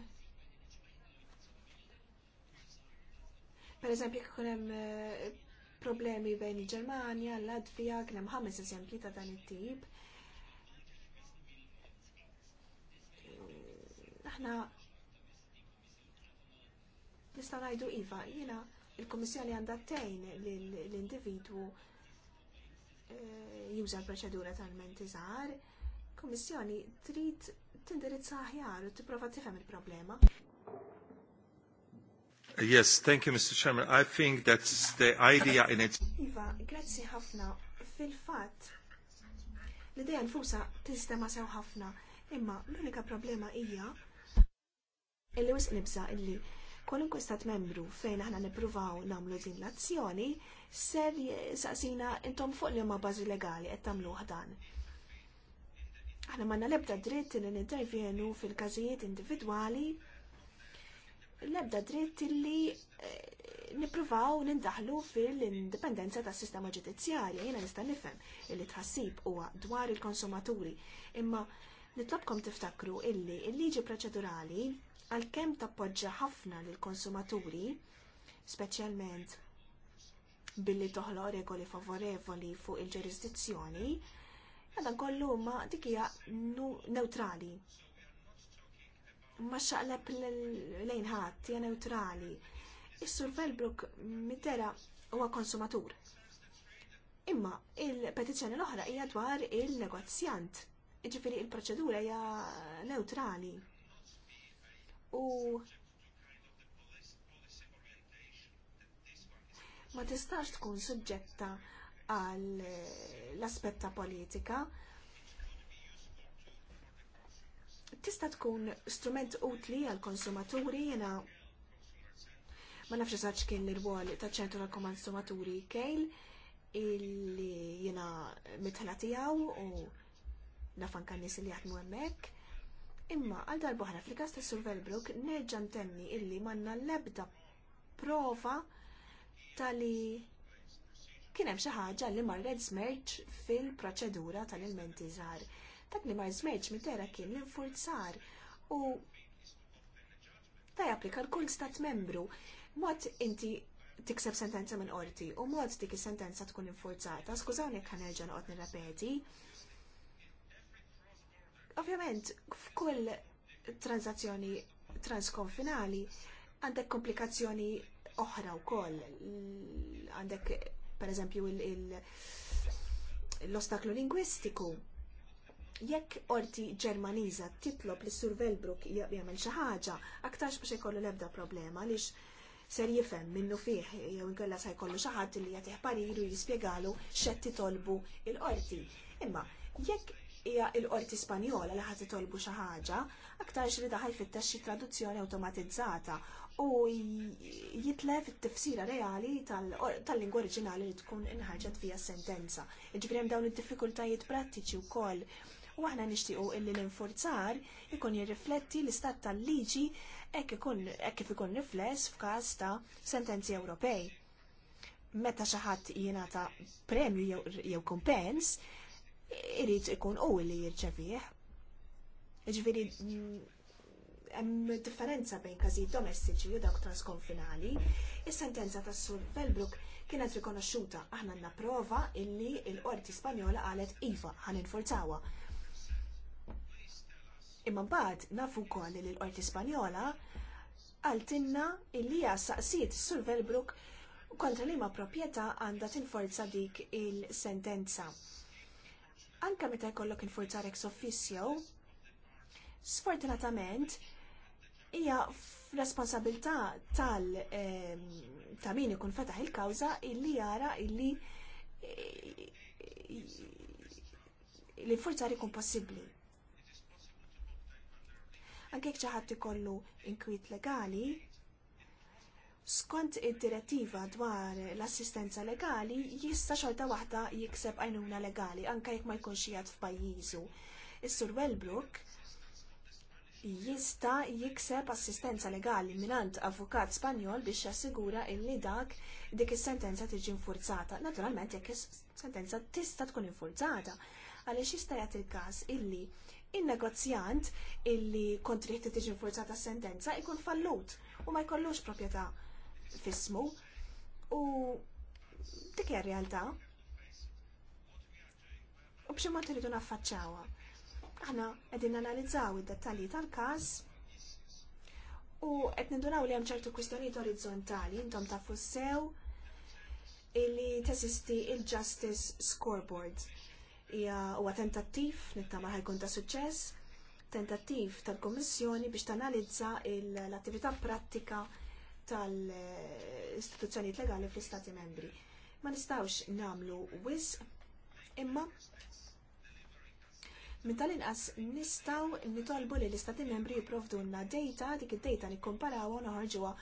pereżempju jekk ikun hemm eh, problemi bejn il-Ġermanja, l-Latvija, kien hemm ħames eżempji ta' dan it-tip. Aħna nistgħu ngħidu iva, jiena il-Kummissjoni għandha tgħin l-individwu eh, juża l-proċedura tal żgħar il-Kummissjoni trid tindirizza aħjar u tipprova tifhem il-problema. Yes, thank you, Mr. Chairman. I think that's the idea in it. Iva, grazzi ħafna. Fil-fatt, l-ideja nfusa tistema sew ħafna, imma l-unika problema hija illi wisq nibsa illi kwalunkwe stat membru fejn aħna nippruvaw nagħmlu din l-azzjoni ser saqsina intom fuq li ma bażi legali qed tagħmluh dan. Għana manna lebda dritti li nintervjenu fil-każijiet individwali, lebda dritti li eh, nipruvaw nindaħlu fil-indipendenza tas sistema ġudizzjarja. Jena nista' nifhem illi tħassib huwa dwar il-konsumaturi, imma nitlobkom tiftakru illi il-liġi proċedurali għalkemm tappoġġa ħafna lill-konsumaturi, speċjalment billi toħloq regoli favorevoli fuq il-ġurisdizzjoni, Għadan kollu ma dikija neutrali. Ma xaqleb lejn ħadd hija neutrali. Is-Sur Velbrook mitera huwa konsumatur. Imma il-petizzjoni l-oħra hija dwar il-negozjant. Ġifieri il-proċedura hija neutrali. U ma tistax tkun suġġetta għal eh, l-aspetta politika tista' tkun strument utli għal konsumaturi jena ma nafx eżatt kien l-rwol ta' ċentru għal konsumaturi kejl illi jena mitħla tiegħu u nafan kan nies li jaħdmu hemmhekk. Imma għal darba ħra fil-każ ta' Sur Velbrook nerġa' ntemmi illi manna l-ebda prova tali kien hemm xi ħaġa li marret żmerġ fil-proċedura tal-ilmenti żgħar. Dak li mar żmerġ mitera kien l-infurzar u ta' japplika l-kull stat membru mod inti tikseb sentenza minn qorti u mod dik is-sentenza tkun infurzata. Skużawni jekk ħanerġa' noqgħod nirrepeti. Ovvjament, f'kull transazzjoni transkonfinali għandek komplikazzjoni oħra wkoll għandek pereżempju l-ostaklu lingwistiku. Jekk orti Ġermaniża titlob li Sur Velbruk jagħmel xi ħaġa, aktarx biex jkollu l-ebda problema għaliex ser jifhem minnu fiħ, jew inkella se jkollu xi ħadd li jagħtih pariru jispjegalu x'qed titolbu l-qorti. Imma jekk hija l-qorti Spanjola li ħadd titolbu xi ħaġa, aktarx li daħal fit-taxxi traduzzjoni awtomatizzata u jitlef it-tifsira reali tal-lingwa oriġinali li tkun inħarġet fija sentenza. Ġifri hemm dawn id-diffikultajiet prattiċi wkoll. U aħna nixtiequ illi l-infurzar ikun jirrifletti l-istat tal-liġi hekk kif ikun rifless f'każ ta' sentenzi Ewropej. Meta xi ħadd jingħata premju jew kumpens, irid ikun u li jirċevih. Ġifiri hemm differenza bejn każijiet domestiċi u dawk transkonfinali. Is-sentenza tas Sur Velbrook kienet rikonoxxuta aħna għandna prova illi l-Qorti Spanjola qalet iva ħan ħaninfurzawa. Imma mbagħad nafu wkoll li l-Qorti Spanjola għaltinna illi hija saqsiet Sur Velbrook kontra liema proprjetà għandha tinforza dik il-sentenza. Anke meta jkollok infurzar ex officio, sfortunatament hija responsabilità tal ehm, ta' min ikun fetaħ il-kawża illi jara illi eh, l forza ikun possibbli. Anke jekk xi ħadd ikollu inkwiet legali, skont id-direttiva dwar l-assistenza legali jista' xorta waħda jikseb għajnuna legali anke jekk ma jkunx jgħat f'pajjiżu. Is-Sur Wellbrook jista jikseb assistenza legali minant avukat Spanjol biex jassigura illi dak dik is-sentenza tiġi infurzata. Naturalment jekk is-sentenza tista' tkun infurzata għaliex jista' jagħti il-każ illi in-negozjant illi kontriħti tiġi infurzata s-sentenza ikun fallut u ma jkollux proprjetà fismu u dik hija r-realtà. U b'xi mod iridu naffaċċawha. Aħna qegħdin analizzaw id-dettalji tal-każ u qed nindunaw li hemm ċertu kwistjonijiet orizzontali intom tafu sew illi teżisti il-Justice Scoreboard. Hija huwa tentattiv nittama ħajkun ta' suċċess, tentattiv tal kummissjoni biex tanalizza l-attività prattika tal-istituzzjonijiet legali fl-Istati membri. Ma nistawx namlu wisq imma Min tal-inqas nistaw nitolbu li l-istati membri na data dik id-data li komparawa u noħorġuha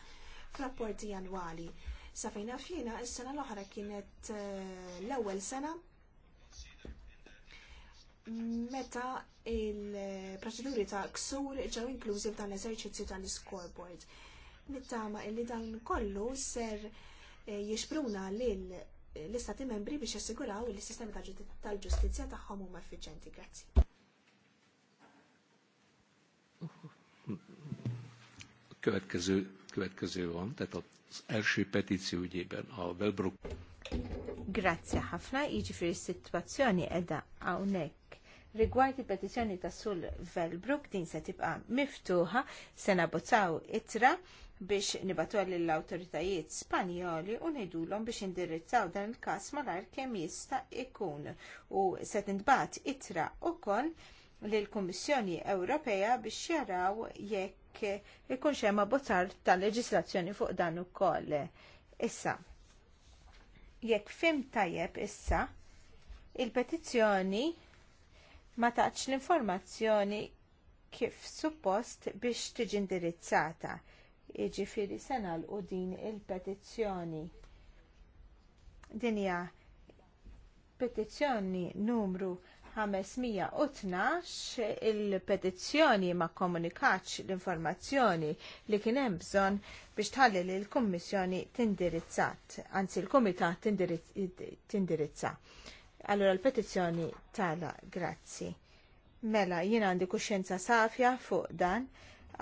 f'rapporti annwali. Sa fejna fjina, is-sena l-oħra kienet eh, l-ewwel sena meta il-proċeduri ta' ksur ġew inklużi f'dan l-eżerċizzju tal-scoreboard. Nittama illi dan kollu ser eh, jixpruna lil l-istati membri biex jassiguraw li s tal-ġustizja tagħhom huma effiċenti. Grazzi. következő, következő van, tehát az első petíció ügyében a Velbrook. Grazie így iġifiri situazzjoni edda a Rigward il-petizjoni ta' Sul Velbrook din se tibqa' miftuħa se nabozzaw itra biex nibatu lill awtoritajiet Spanjoli u ngħidulhom biex indirizzaw dan il-każ malar kemm jista' jkun u se tindbat itra wkoll lill-Kummissjoni Ewropea biex jaraw jekk jekk ikunx hemm abbozzar tal-leġislazzjoni fuq dan ukoll. Issa, jekk fim tajjeb issa, il-petizzjoni ma taċ l-informazzjoni kif suppost biex tiġi indirizzata. Jiġifieri se l din il-petizzjoni. Din hija petizzjoni numru 2022 512 il-petizzjoni ma komunikax l-informazzjoni li kien hemm bżonn biex tħalli li l-Kummissjoni tindirizzat, anzi l-Kumitat tindirizza. Allora l-petizzjoni tala, grazzi. Mela, jien għandi kuxjenza safja fuq dan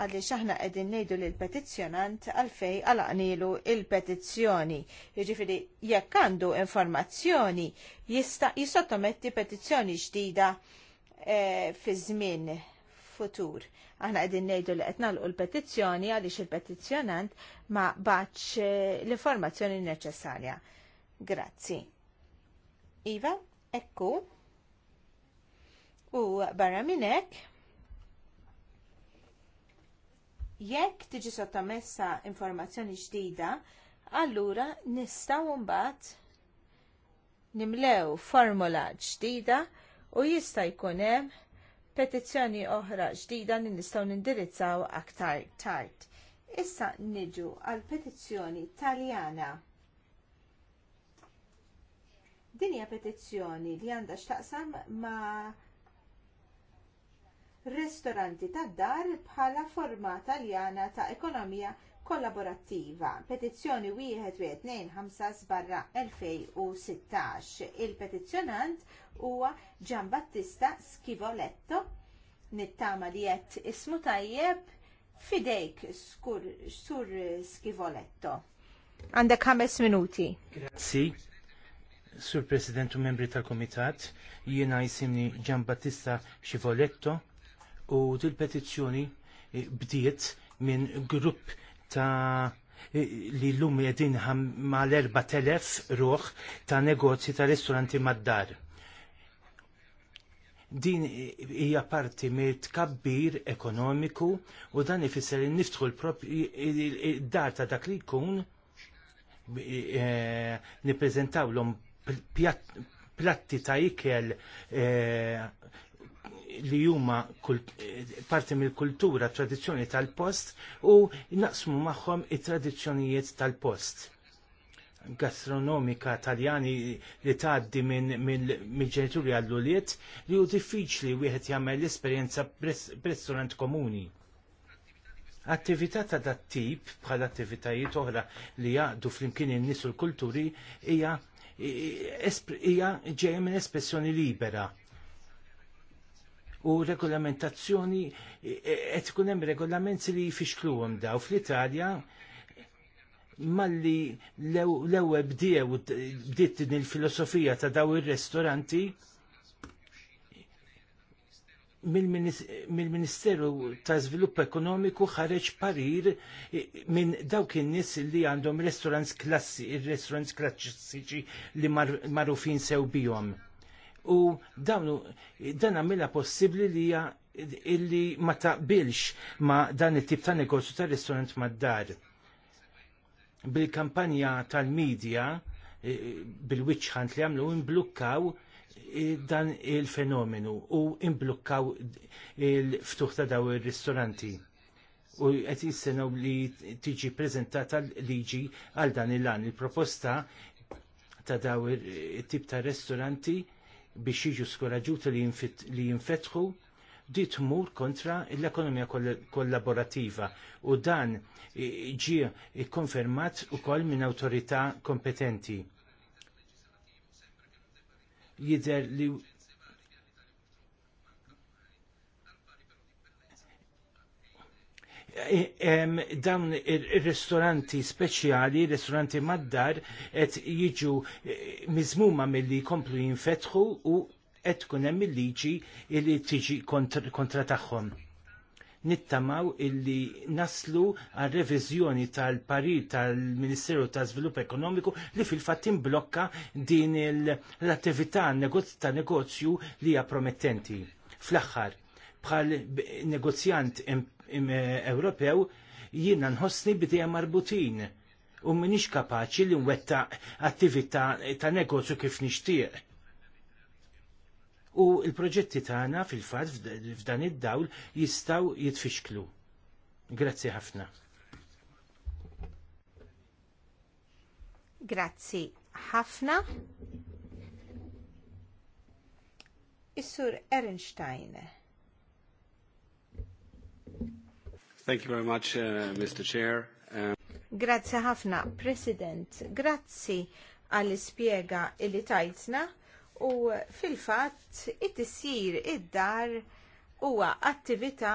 għaliex aħna qegħdin ngħidu l petizzjonant għalfej għalaqnilu il-petizzjoni. Jiġifieri jekk għandu informazzjoni jista' jisottometti petizzjoni ġdida e, fi żmien futur. Aħna qegħdin ngħidu li qed nagħlqu l-petizzjoni għaliex il-petizzjonant ma baċ eh, l-informazzjoni neċessarja. Grazzi. Iva, ekku. U barra minn hekk Jekk tiġi sottomessa informazzjoni ġdida, allura nistgħu mbagħad nimlew formola ġdida u jista' jkun hemm petizzjoni oħra ġdida li nistgħu nindirizzaw aktar tard. Issa niġu għal petizzjoni Taljana. Din hija petizzjoni li għandha x'taqsam ma' ristoranti tad dar bħala forma taljana ta' ekonomija kollaborattiva. Petizzjoni 1125 barra 2016. Il-petizzjonant huwa Gian Battista Schivoletto nittama li jett ismu tajjeb fidejk skur, sur Schivoletto. Għandek ħames minuti. Grazzi. Sur President u membri tal-Komitat, jiena jisimni Battista Scivoletto u dil-petizzjoni eh, bdiet minn grupp ta' eh, li l-lum jedin mal erba telef ruħ ta' negozji ta' ristoranti mad-dar. Din hija parti minn tkabbir ekonomiku u dan ifisser li niftħu l-dar ta' dak li jkun eh, nippreżentawlhom platti ta' ikel li huma eh, parti mill-kultura tradizzjoni tal-post u naqsmu magħhom it-tradizzjonijiet tal-post gastronomika taljani li tgħaddi minn ġenituri għall-uliet li hu diffiċli wieħed jagħmel l-esperjenza b'restorant komuni. Attività ta' dat tip bħala attivitajiet oħra li jaqdu flimkien in-nies u l-kulturi hija eh, eh, hija ġejja minn espressjoni libera u regolamentazzjoni qed e, ikun hemm regolamenti li jfixkluhom daw fl-Italja malli l-ewwel bdiew bdiet din il-filosofija ta' daw ir-ristoranti mill-Ministeru ta' Zvilupp Ekonomiku ħareġ parir e, minn dawk in-nies li għandhom restorants klassi, ir-restorants klassiċi li marufin sew bihom u dawnu dan għamilha possibbli li hija illi ma taqbilx ma dan it-tip ta' negozju ta' ristorant mad-dar. Bil-kampanja tal-medja e, bil-witch hunt li għamlu imblukkaw e, dan il-fenomenu u imblukkaw il-ftuħ ta' daw il-ristoranti. U qed jissenaw li tiġi prezentata liġi għal dan il lan Il-proposta ta' daw il-tip ta' ristoranti biex jiġu skoraġuti li jinfetħu di tmur kontra l-ekonomija kollaborativa u dan ġie konfermat ukoll minn awtorità kompetenti. Jider li dawn ir-ristoranti speċjali, ristoranti mad-dar, qed jiġu eh, miżmuma milli jkomplu jinfetħu u qed tkun hemm il-liġi li tiġi kontra tagħhom. Nittamaw illi naslu għal reviżjoni tal-parir tal-Ministeru ta' Zvilup Ekonomiku li fil-fatt imblokka din l-attività ta' negozju li hija promettenti. Fl-aħħar, bħal negozjant Eh, Ewropew jiena nħossni bidija marbutin u minix kapaċi li nwetta attività ta' negozju kif nixtieq. U il-proġetti tagħna fil-fatt f'dan id-dawl jistgħu jitfixklu. Grazzi ħafna. Grazzi ħafna. Is-sur Thank you very much, uh, Mr. Chair. Um... Grazzi ħafna, President. Grazzi għall spiega illi tajtna u fil-fatt it-tissir id-dar huwa attività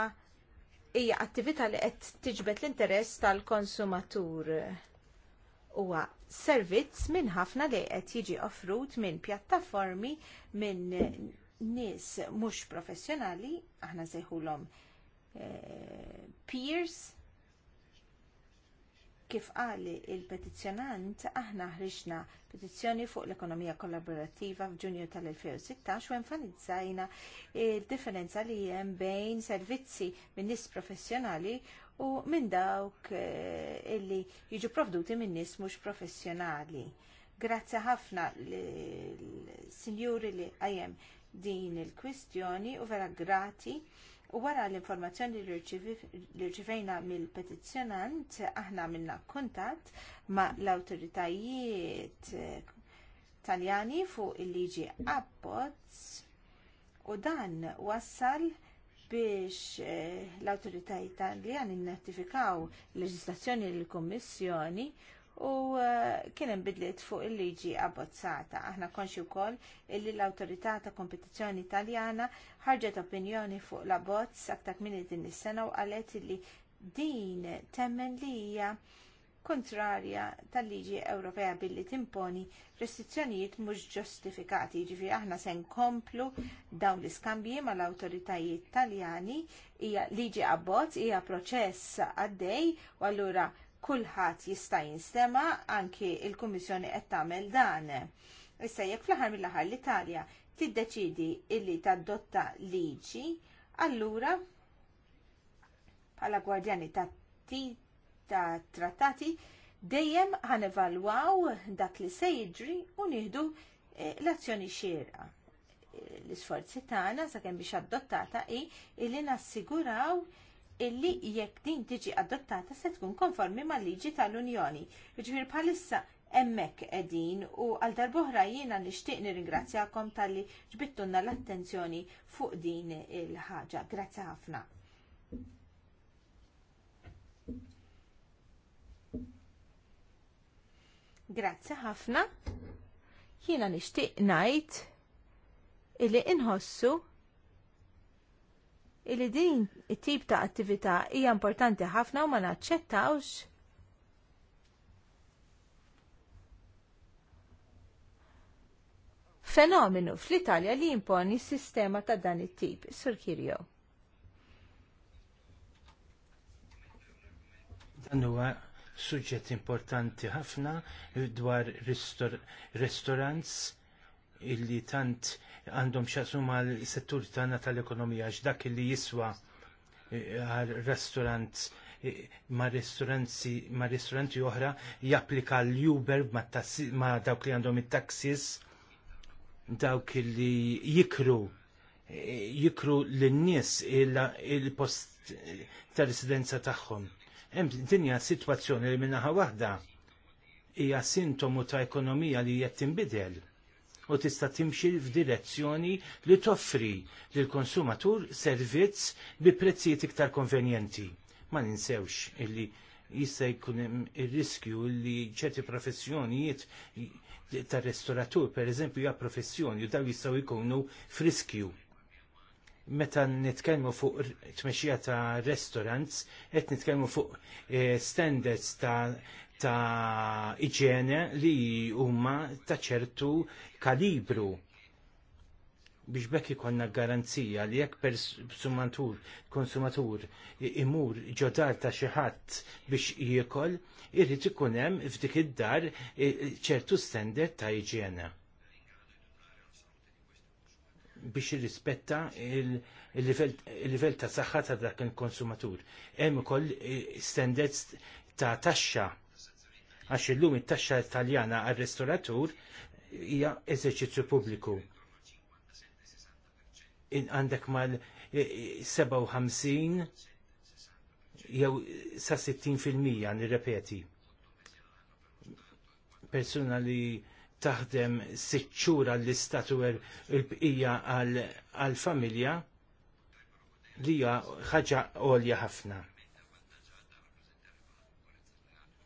hija attività li qed tiġbed l-interess tal-konsumatur. Huwa servizz minn ħafna li qed jiġi offrut minn pjattaformi minn nies mhux professjonali aħna sejħulhom Eh, peers kif qal il-petizzjonant aħna ħriġna petizzjoni fuq l-ekonomija kollaborattiva f'Ġunju tal-2016 u enfanizzajna il-differenza li hemm bejn servizzi minn nies professjonali u minn dawk eh, illi jiġu provduti minn nies mhux professjonali. Grazzi ħafna l-sinjuri li għajem din il-kwistjoni u vera grati U wara l-informazzjoni li rċivejna mill-petizzjonant, aħna minna kontat ma l-autoritajiet eh, taljani fuq il-liġi Abbott u dan wassal biex eh, l-autoritajiet taljani notifikaw leġislazzjoni l-Kommissjoni u eh, kien hemm bidliet fuq il-liġi abbozzata. Aħna konxi wkoll illi l-Awtorità ta' Kompetizzjoni Italjana ħarġet opinjoni fuq l-abbozz aktar minn din is-sena u qalet illi din temmen li hija kontrarja tal-liġi Ewropea billi timponi restrizzjonijiet mhux ġustifikati. Ġifieri aħna se nkomplu dawn l-iskambji mal-awtoritajiet Taljani hija liġi abbozz hija proċess għaddej u allura kulħadd jista' jinstema anki il-Kummissjoni qed tagħmel dan. Issa jekk fl-aħħar mill-aħħar l-Italja tiddeċidi illi tadotta liġi, allura bħala gwardjani ta' ta' trattati dejjem ħanevalwaw dak li se jiġri u nieħdu eh, l-azzjoni xierqa. Eh, l-isforzi tagħna sakemm biex adottata hi illi nassiguraw illi jekk din tiġi adottata se tkun konformi mal-liġi tal-Unjoni. Ġifir bħalissa emmek edin u għal darbohra jiena nishtiq nirringrazzjakom tal-li ġbittunna l-attenzjoni fuq din il-ħaġa. Grazzi ħafna. Grazzi ħafna. Jiena nishtiq najt illi inħossu illi din it-tip ta' attività hija importanti ħafna u ma naċċettawx fenomenu fl-Italja li jimponi sistema ta' dan it-tip, Sur Kirjo. Dan huwa suġġett importanti ħafna dwar ristor, illi tant għandhom xaqsu l settur tagħna tal-ekonomija x'dak li jiswa eh, għal restorant eh, ma' ristoranti oħra japplika l-Uber ma' dawk li għandhom it-taxis dawk li jikru eh, jikru l-nies il-post ta' residenza tagħhom. Hemm dinja sitwazzjoni li minnaħa waħda hija sintomu ta' ekonomija li qed tinbidel u tista' timxi f'direzzjoni li toffri lil konsumatur servizz bi prezzijiet iktar konvenjenti. Ma ninsewx illi jista' jkun hemm ir-riskju li ċerti professjonijiet tar resturatur pereżempju hija professjoni u daw jistgħu jkunu friskju. Meta nitkellmu fuq tmexxija ta' restaurants, qed nitkellmu fuq eh, standards ta' ta' iġene li huma ta' ċertu kalibru biex bekk ikonna garanzija li jekk persumatur, konsumatur imur ġodar ta' xi ħadd biex jiekol, irrid ikun hemm f'dik id-dar e, ċertu standard ta' iġena biex irrispetta il-livell ta' saħħa ta' dak il-konsumatur. Hemm ukoll e, standards ta' taxxa għax illum it-taxxa Italjana għal ristoratur hija eżerċizzju pubbliku. Għandek mal-57 e, e, jew sa 60% nirrepeti. Persuna li taħdem siċċura għall istatu il-bqija għal-familja li hija ħaġa għolja ħafna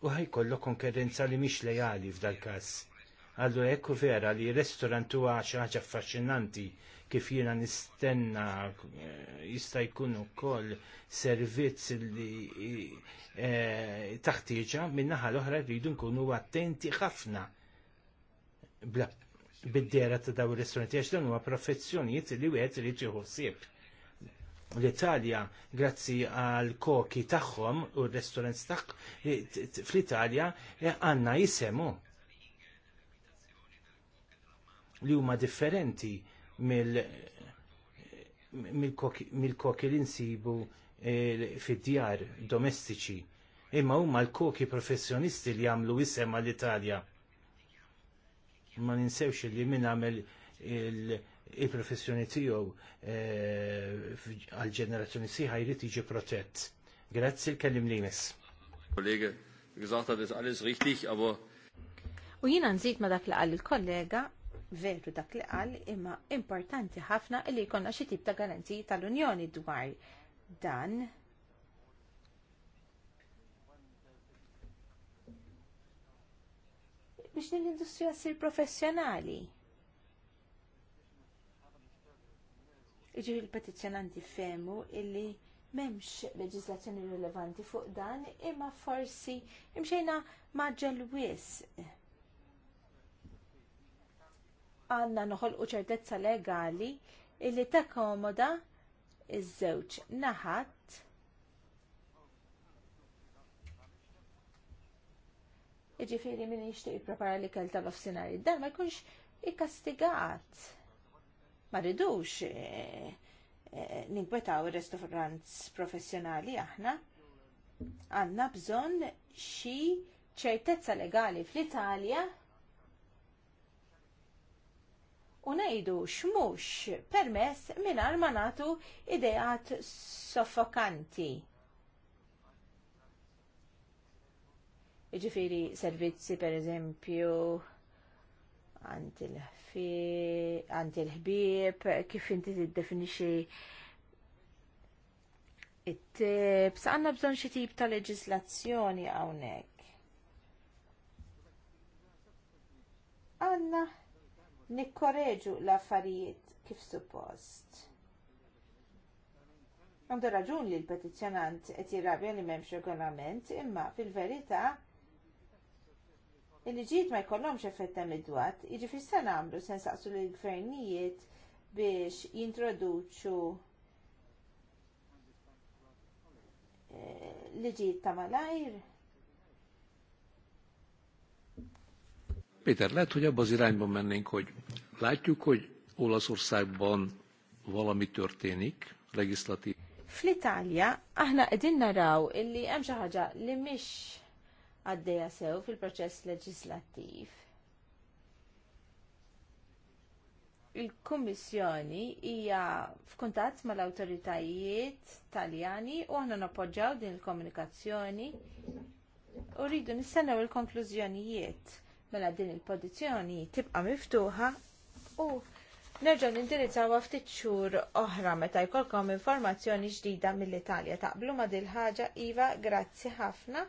u ħajkollok konkurrenza li mhix lejali f'dal każ. Għallu ekku vera li restorant huwa xi ħaġa affaxxinanti kif jiena nistenna eh, jista' jkun ukoll servizz li eh, taħtieġa min-naħa l-oħra rridu nkunu attenti ħafna bid-dera ta' daw ir-ristoranti għax dan huwa professjonijiet li wieħed irid jieħu ssieb l-Italja grazzi għal koki tagħhom u r-restaurants tagħ eh, fl-Italja eh, għandna jisemu li huma differenti mill-koki li nsibu eh, fid-djar domestiċi. Imma huma l-koki professjonisti li jagħmlu isem għall-Italja. Ma ninsewx li min għamel il- il-professjoni tiegħu eh, għal-ġenerazzjoni sħiħa jrid jiġi protett. Grazzi l-kellim li jmiss. Kollege, gesagt hat, ist alles U jiena nżid ma dak li qal il-kollega, veru dak li qal imma importanti ħafna li jkollna xi tip ta' garanziji tal-Unjoni dwar dan biex din l-industrija ssir professjonali. Iġifi l-petizjonanti femu illi memx leġislazzjoni rilevanti fuq dan, imma forsi imxejna maġġel wis. Għanna noħolqu ċertezza legali illi komoda iż-żewġ naħat Iġifiri iġtiq i-prepara li kelta l-offsinari, dan ma jkunx ikkastigat ma ridux eh, eh, ninkwetaw il-restaurants professjonali aħna. Għanna bżon xi ċertezza legali fl-Italja u nejdu xmux permess mingħajr ma nagħtu ideat soffokanti. Jiġifieri servizzi pereżempju għant il-ħbieb, kif inti t-definixi it-tibs, għanna bżon xi tip ta' leġislazzjoni hawnhekk. Għanna nikkoreġu l-affarijiet kif suppost. Għandu raġun li l-petizjonant qed jirrabja li m'hemmx regolament, imma fil-verità il-liġijiet ma jkollhomx effett midwat, jiġifieri se nagħmlu se nsaqsu lill gvernijiet biex jintroduċu eh, liġijiet ta' malajr. Péter, lehet, hogy abban az irányban mennénk, hogy látjuk, hogy Olaszországban valami történik, legislatív. Fl-Italja aħna qegħdin naraw illi hemm xi ħaġa li mhix għaddeja sew fil-proċess leġislattiv. Il-Kummissjoni hija f'kuntatt mal-awtoritajiet Taljani u aħna nappoġġjaw din il-komunikazzjoni u rridu nistennew il-konklużjonijiet mela din il-pozizjoni tibqa' miftuħa u nerġgħu nindirizzawha ftit xhur oħra meta jkollkom informazzjoni ġdida mill-Italja. Taqblu ma' dil ħaġa Iva, grazzi ħafna.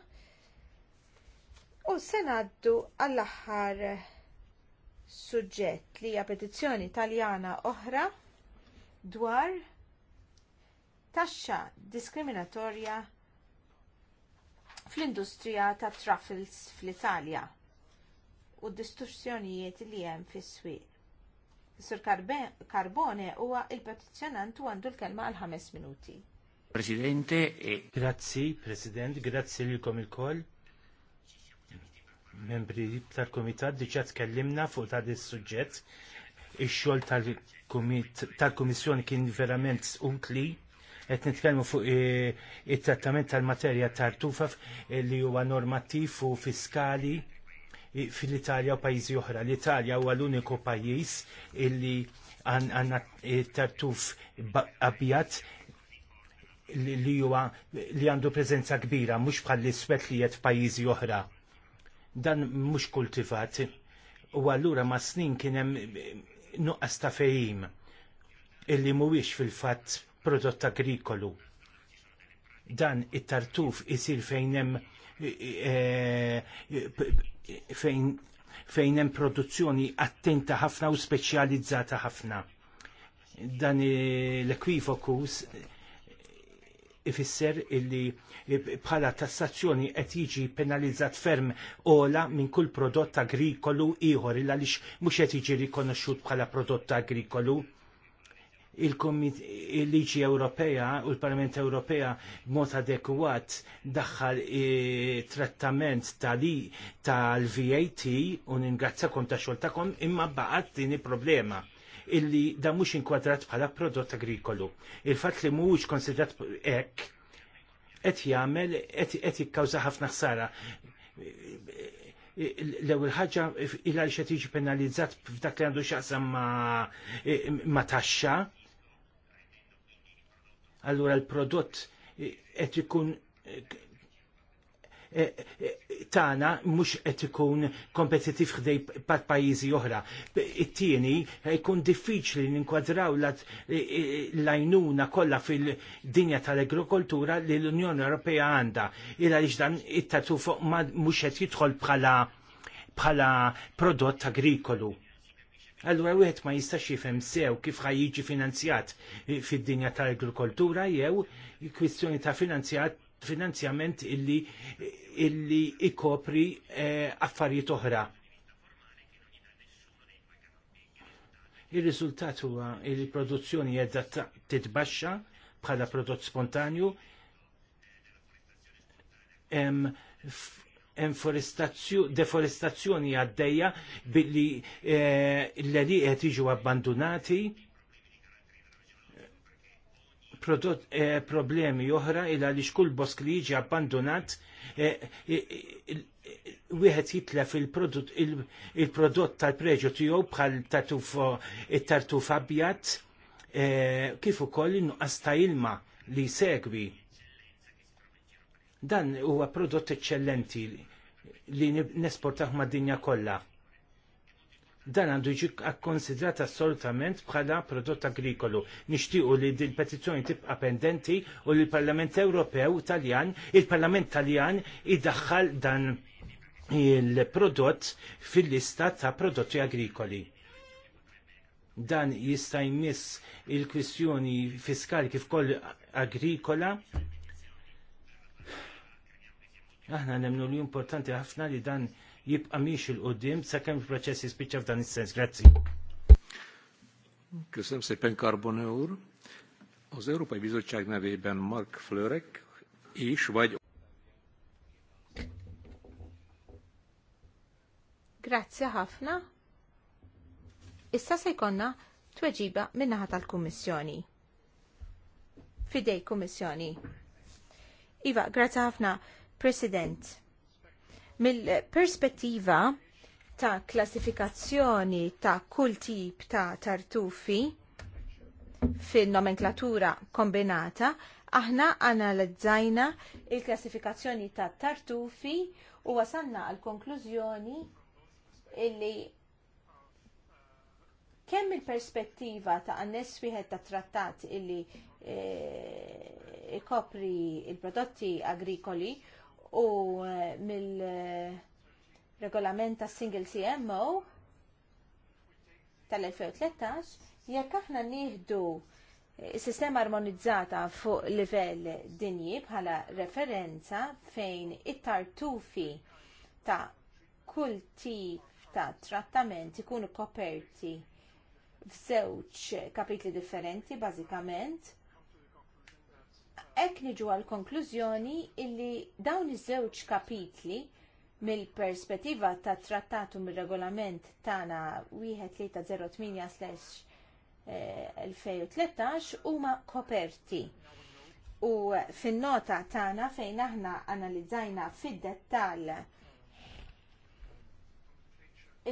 U se ngħaddu għall-aħħar suġġett li hija petizzjoni Taljana oħra dwar taxxa diskriminatorja fl-industrija tat truffles fl-Italja u d distorsjonijiet li hemm fis-swieq. Sur Carbone huwa l petizzjonant u għandu l-kelma għal ħames minuti. Presidente, e... grazzi, President, grazzi lilkom ilkoll membri tal-Kumitat diġà tkellimna fuq ta' is-suġġett. Ix-xogħol tal-Kummissjoni kien verament utli qed nitkellmu fuq e, it-trattament tal-materja tartufa li huwa normattiv u fiskali fil-Italja u pajjiżi oħra. L-Italja huwa l-uniku pajjiż illi għandna e, tartuf abjad li huwa li għandu preżenza kbira mhux bħal l li qed f'pajjiżi oħra dan mhux kultivat u allura ma' snin kien hemm nuqqas ta' fejim illi mhuwiex fil-fatt prodott agrikolu. Dan it-tartuf isir fejn hemm eh, fejn produzzjoni attenta ħafna u speċjalizzata ħafna. Dan l-ekwifokus ifisser illi bħala tassazzjoni qed jiġi penalizzat ferm ola minn kull prodott agrikolu ieħor illa għaliex mhux qed jiġi rikonoxxut bħala prodott agrikolu il-Liġi Ewropea u l-Parlament Ewropea b'mod adekwat daħħal e, trattament tal-VAT u ningrazzakom ta' xoltakom imma baqgħet din il problema illi da mhux inkwadrat bħala prodott agrikolu. Il-fatt li mhuwiex konsidrat hekk qed jagħmel qed jikkawża ħafna ħsara l-ewwel ħaġa il-għaliex xetiġi penalizzat f'dak li għandu x'aqsam ma' taxxa. Allura l-prodott qed ikun Eh, eh, tana mhux qed ikun kompetitiv ħdej pat pajjiżi oħra. It-tieni jkun diffiċli ninkwadraw eh, l-għajnuna kollha fil-dinja tal-agrikoltura li l-Unjoni Ewropea għandha. Ila għaliex dan it-tatu fuq mhux qed jidħol bħala bħala prodott agrikolu. Allura wieħed ma jistax jifhem sew kif ħajjiġi finanzjat fid-dinja tal-agrikoltura jew kwistjoni ta' finanzjat finanzjament illi, illi ikopri eh, affarijiet oħra. Il-riżultat huwa il-produzzjoni qiegħda titbaxxa bħala prodott spontanju deforestazzjoni għaddejja billi eh, l-li jiġu abbandonati prodott e, problemi oħra il għaliex kull bosk li jiġi abbandonat e, e, wieħed jitla fil-prodott il-prodott il tal-preġu tiegħu bħal tartuf it-tartuf abjad kif ukoll innuqqas ta' ilma li segwi. Dan huwa prodott eċċellenti li nesportaħ mad-dinja kollha dan għandu jiġi akkonsidrat assolutament bħala prodott agrikolu. Nixtiequ li din petizzjoni tibqa' pendenti u li l-Parlament Ewropew Taljan, il-Parlament Taljan iddaħħal dan il-prodott fil-lista ta' prodotti agrikoli. Dan jista' jmiss il-kwistjoni fiskali kif koll agrikola aħna nemnu li importanti ħafna li dan jibqa' miex il-qudiem sakemm il-proċess jispiċċa f'dan is-sens. Grazzi. Kisem se pen Carboneur. Az Európai Bizottság nevében Mark Flörek is, vagy... Grazie ħafna. Issa se jkollna tweġiba min-naħa tal-Kummissjoni. Fidej Kummissjoni. Iva, grazie ħafna, President. Mill-perspettiva ta' klassifikazzjoni ta' kull tip ta' tartufi fin nomenklatura kombinata, aħna analizzajna il-klassifikazzjoni ta' tartufi u wasanna għal konklużjoni illi kemm il-perspettiva ta' annes wieħed ta' trattat illi eh, ikopri e, il-prodotti agrikoli u eh, mill-regolament ta' single CMO tal-2013 jekk aħna nieħdu eh, sistema armonizzata fuq livell dinji bħala referenza fejn it-tartufi ta' kull tip ta' trattament ikunu koperti f'żewġ kapitli differenti bażikament Ek niġu għal konklużjoni illi dawn iż-żewġ kapitli mill-perspettiva ta' trattatu mill-regolament tagħna 1308-2013 eh, huma koperti. U fin-nota tagħna fejn aħna analizzajna fid-dettall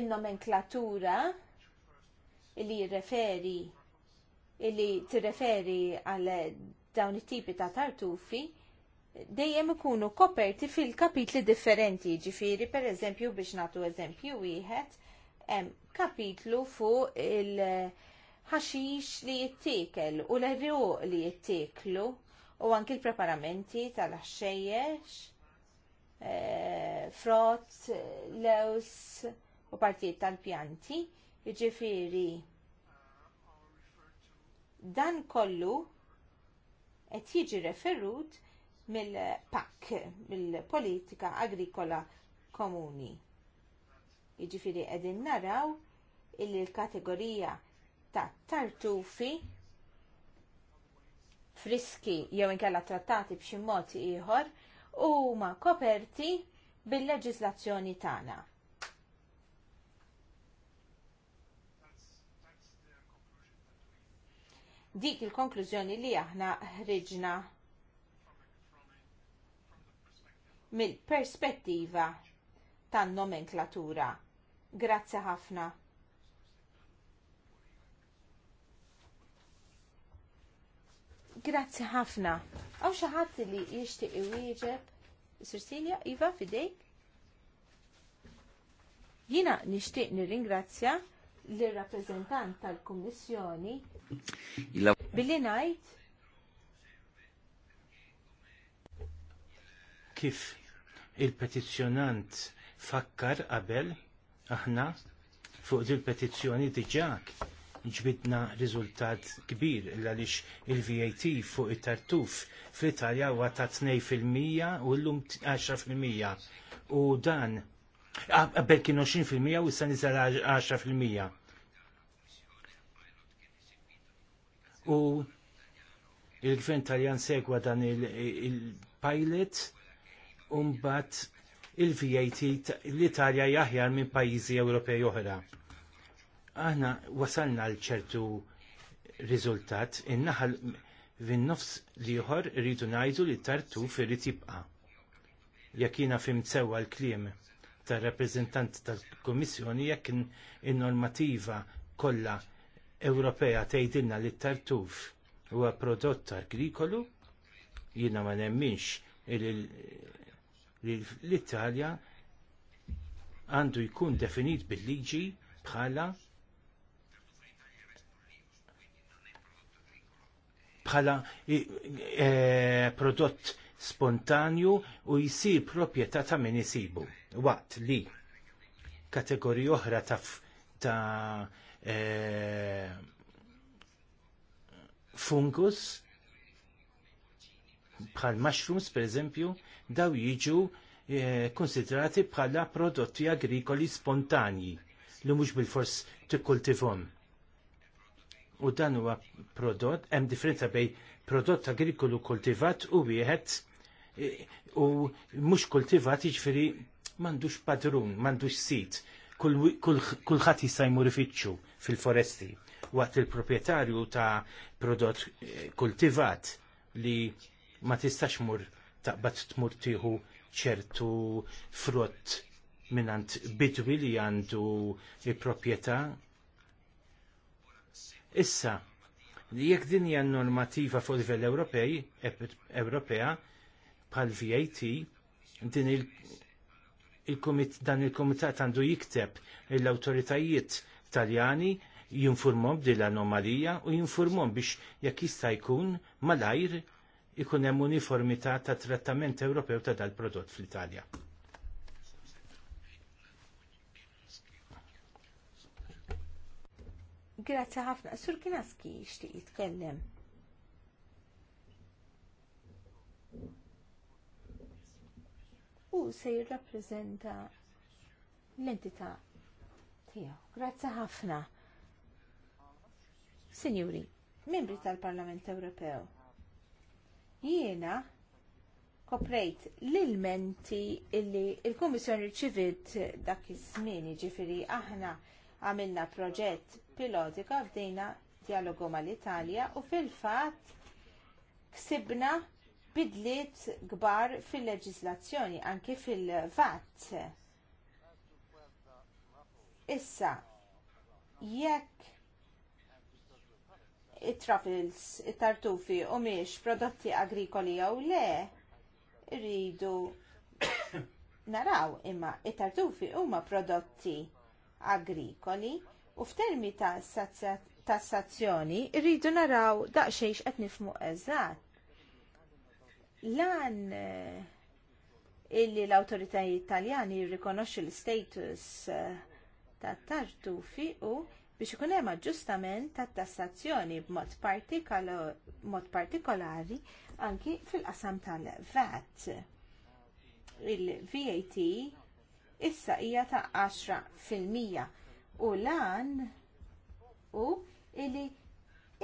il-nomenklatura li referi li tirreferi għal dawn it-tipi ta' tartufi dejjem ikunu koperti fil-kapitli differenti, ġifiri per eżempju biex natu eżempju wieħed, hemm kapitlu fuq il-ħaxix li jittekel u l-erjuq li jitteklu u anki l-preparamenti tal-ħxejjex, eh, frott, lews u partijiet tal-pjanti, ġifiri dan kollu qed jiġi referut mill-PAK, mill-Politika Agrikola Komuni. Jiġifieri qegħdin naraw illi l-kategorija ta' tartufi friski jew inkella trattati b'xi mod ieħor huma koperti bil-leġiżlazzjoni tagħna. dik il-konklużjoni li aħna ħriġna mill-perspettiva tan-nomenklatura. Grazzi ħafna. Grazzi ħafna. xi ħadd li jixtieq iwieġeb. Sirsilja, Iva, fidejk? Jina nixtieq nirringrazzja l-rappresentant tal-Kummissjoni billi ngħid kif il-petizzjonant fakkar qabel aħna fuq il petizzjoni diġà ġbidna riżultat kbir għaliex il-VAT fuq it-tartuf fl-Italja huwa ta' 2% u llum 10% u dan Qabel kienu 20% u issa niżel 10%. U il-gvern Taljan segwa dan il-pilot u mbagħad il-VAT l-Italja jaħjar minn pajjiżi Ewropej oħra. Aħna wasalna l ċertu riżultat innaħal vin-nofs liħor rridu ngħidu li tartu firrid jibqa'. Jekk jiena fim sewa l-kliem tar rappreżentanti tal-Kummissjoni jekk in-normativa kollha Ewropea tgħidilna li t-tartuf huwa prodott agrikolu, jiena ma nemminx li l-Italja għandu jkun definit bil-liġi bħala bħala e, prodott spontanju u jsir proprjetà ta' min isibu. Waqt li kategoriji oħra ta', ta e, fungus bħal mushrooms pereżempju, daw jiġu e, bħala prodotti agrikoli spontanji li mhux bil-fors tikkultivhom. U dan huwa prodott, hemm differenza bejn prodott agrikolu kultivat u wieħed u mhux kultivat jiġifieri m'għandux padrun, m'għandux sit. Kulħadd kul, kul jista' jmur fil-foresti waqt il-proprjetarju ta' prodott eh, kultivat li ma tistax mur taqbad tmur tieħu ċertu frott minnant bidwi li għandu il-propieta. Issa, jekk din hija normativa fuq livell Ewropej, Ewropea, pal VAT din il, il dan il-komitat għandu jikteb l-autoritajiet taljani jinformom din l-anomalija u jinformom biex jekk jista' jkun malajr ikun hemm uniformità ta' trattament Ewropew ta' dal-prodott fl-Italja. Grazie ħafna. Sur Kinaski jixtieq jitkellem. u se jirrappreżenta l-entità tiegħu. Grazzi ħafna. Sinjuri, membri tal-Parlament Ewropew. Jiena koprejt l-ilmenti illi il-Kummissjoni rċivit dak iż ġifiri ġifieri aħna għamilna proġett pilotika f'dejna dialogu mal-Italja u fil-fatt ksibna bidliet kbar fil-leġislazzjoni, anki fil-VAT. Issa, jekk it-truffles, it-tartufi u miex prodotti agrikoli jew le, rridu naraw imma it-tartufi huma prodotti agrikoli u f'termi ta' tassazzjoni rridu naraw daqsxejn qed nifhmu eżatt lan eh, illi l awtoritajiet Italjani jirrikonoxxu l-status eh, ta' tartufi u biex ikun hemm aġġustament tat tassazzjoni b'mod partikolari anki fil-qasam tal-VAT. Il-VAT issa hija ta' 10 fil-mija u lan u illi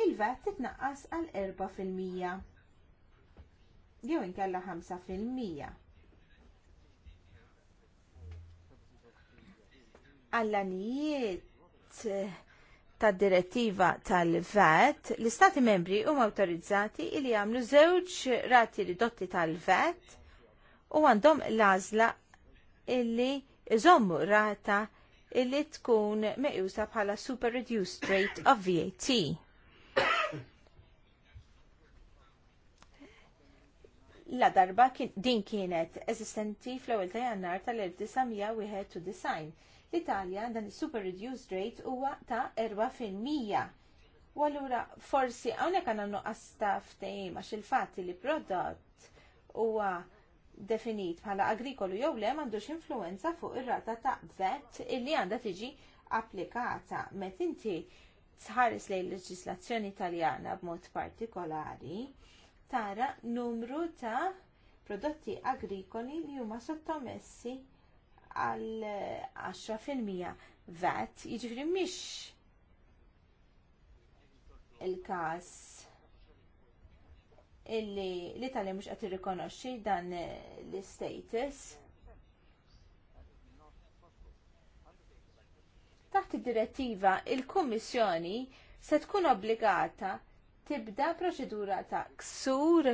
il-VAT titnaqqas għal 4 fil-mija jew inkella 5%. Għallanijiet eh, tad direttiva tal-VAT, l-Istati membri huma awtorizzati li jagħmlu żewġ rati ridotti tal-VAT u għandhom l-għażla illi iżommu rata illi tkun meqjusa bħala Super Reduced Rate of VAT. la darba din kienet eżistenti fl-ewwel ta' jannar tal-1991. L-Italja dan super reduced rate huwa ta' 4%. U allura forsi hawnhekk għandna nuqqas ta' ftehim għax il-fatti li prodott huwa definit bħala agrikolu jew le m'għandux influenza fuq ir-rata ta' vet illi għandha tiġi applikata meta inti tħares lejn leġislazzjoni Taljana b'mod partikolari tara numru ta' prodotti agrikoli li huma sottomessi għal 10% VAT, jiġifieri mhix il-każ illi l-Italja mhux qed irrikonoxxi dan l-status. Taħt id-direttiva, il-Kummissjoni se tkun obbligata tibda proċedura ta' ksur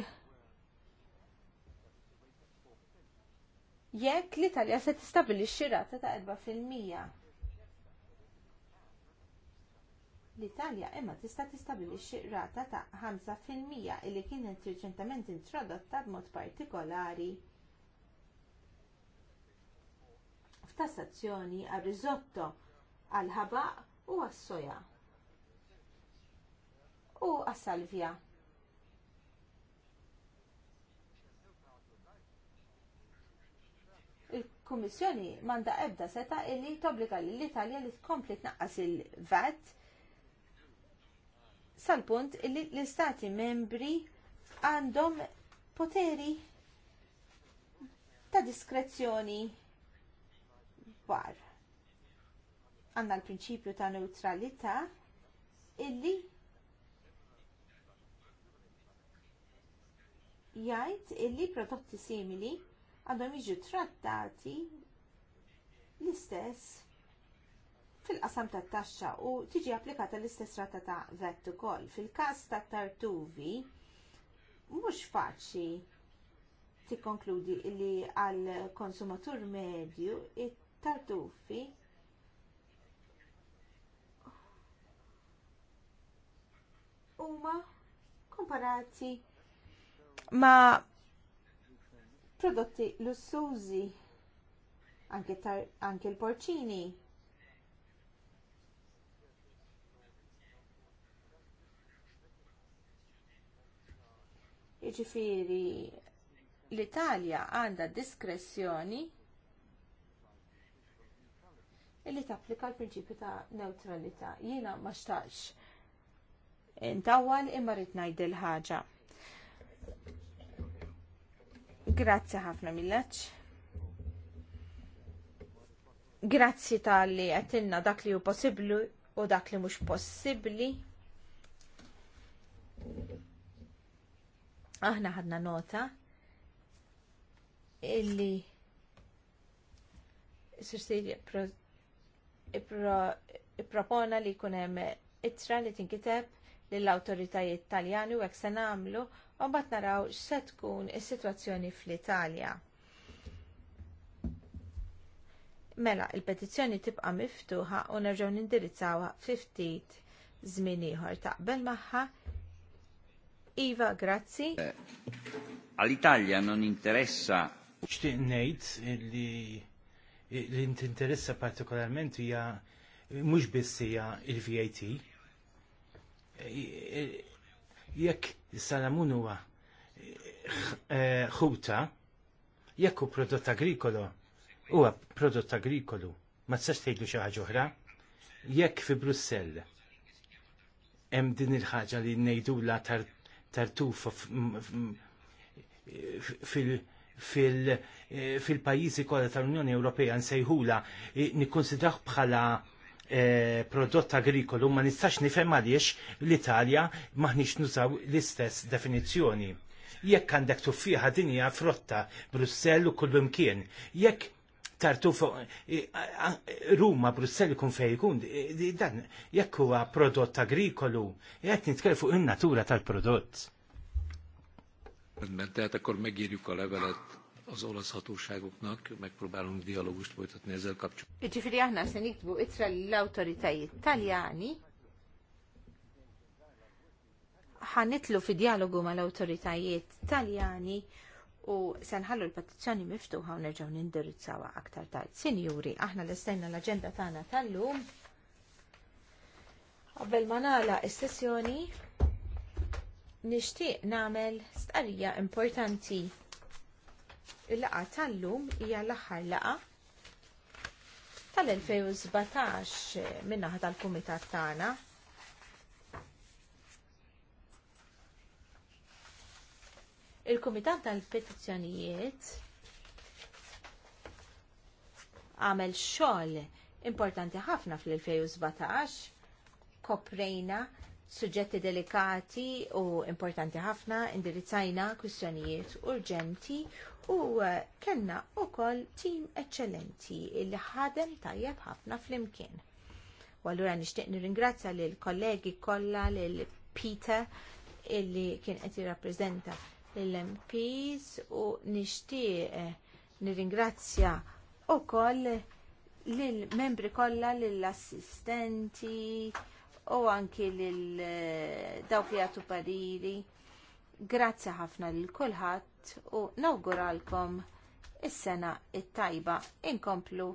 jekk l-Italja se tistabilixxi rata ta' 4%. L-Italja imma tista' tistabilixxi rata ta' 5% illi kienet riċentament introdotta b'mod partikolari f'tassazzjoni għar-riżotto għal ħabaq u għas-soja u għas Il-Kummissjoni manda ebda seta illi tobbliga l-Italja li tkompli tnaqqas il-VAT sal-punt illi l-Istati membri għandhom poteri ta' diskrezzjoni bar. Għanna l-prinċipju ta' neutralità illi jgħid illi prodotti simili għandhom jiġu trattati l-istess fil-qasam tat taxxa u tiġi applikata l-istess rata ta' vett ukoll. Fil-każ tat tartuvi mhux faċli tikkonkludi li għall konsumatur medju it-tartufi huma komparati ma prodotti lussużi anke, anke l-porċini Jiġifieri l-Italja għandha diskrezzjoni li tapplika l-prinċipju ta' neutralità. Jiena ma xtaqx intawwal imma rrid ngħidil ħaġa. Grazzi ħafna millaċ. Grazzi tal-li għetilna dak li ju possiblu u dak li mux possibli. Aħna ħadna nota illi s i propona li kunem itra li tinkiteb l awtoritajiet taljani u hekk se nagħmlu u mbagħad naraw x'se tkun is-sitwazzjoni fl-Italja. Mela, il-petizzjoni tibqa' miftuħa u nerġgħu nindirizzawha fi ftit żmien ieħor taqbel magħha. Iva, grazzi. Eh, Għall-Italja non interessa. Xtieq ngħid li li tinteressa partikolarment hija mhux biss hija l vat jekk salamun huwa eh, eh, ħuta, jekk hu prodott agrikolo, huwa prodott agrikolu, ma tistax tgħidu xi ħaġa oħra, jekk fi Brussell hemm din il-ħaġa li ngħidula tartuf fil- fil eh, pajjiżi kollha tal-Unjoni Ewropea nsejħula nikkonsidraħ bħala E, prodott agrikolu ma nistax nifhem għaliex l-Italja maħniex nużaw l-istess definizzjoni. Jekk għandek tuffiħa dinja frotta Brussell u kull imkien. Jekk tartu fuq e, Ruma, Brussell ikun fej kun e, dan jekk huwa prodott agrikolu, jekk nitkellem fuq in-natura tal-prodott. Mentet kol megjiri kol evelet az olasz hatóságoknak, megpróbálunk dialógust folytatni ezzel kapcsolatban. aħna se niktbu itra l-autoritajiet taljani ħanitlu fi dialogu ma l-autoritajiet taljani u senħallu l-petizzjoni miftuħa u nerġaw nindirizzawa aktar tard. Sinjuri, aħna l istajna l-agenda tagħna tal-lum. Għabbel ma nagħla s-sessjoni nixtieq nagħmel starija importanti il laqgħa tal-lum hija l-aħħar laqgħa tal-2017 min naħa tal-kumitat tagħna. Il-Kumitat tal-Petizzjonijiet għamel xogħol importanti ħafna fl-2017 koprejna suġġetti delikati u importanti ħafna indirizzajna kwistjonijiet urġenti u uh, kellna wkoll tim eċċellenti li ħadem tajjeb ħafna flimkien. U allura nixtieq nirringrazzja lill kollegi kollha lil Peter illi kien qed jirrappreżenta l-MPs u nixtieq eh, nirringrazzja wkoll lill membri kollha lill assistenti u anki lil eh, dawk li għatu pariri. Grazzi ħafna lil kulħadd u nawguralkom is-sena it-tajba inkomplu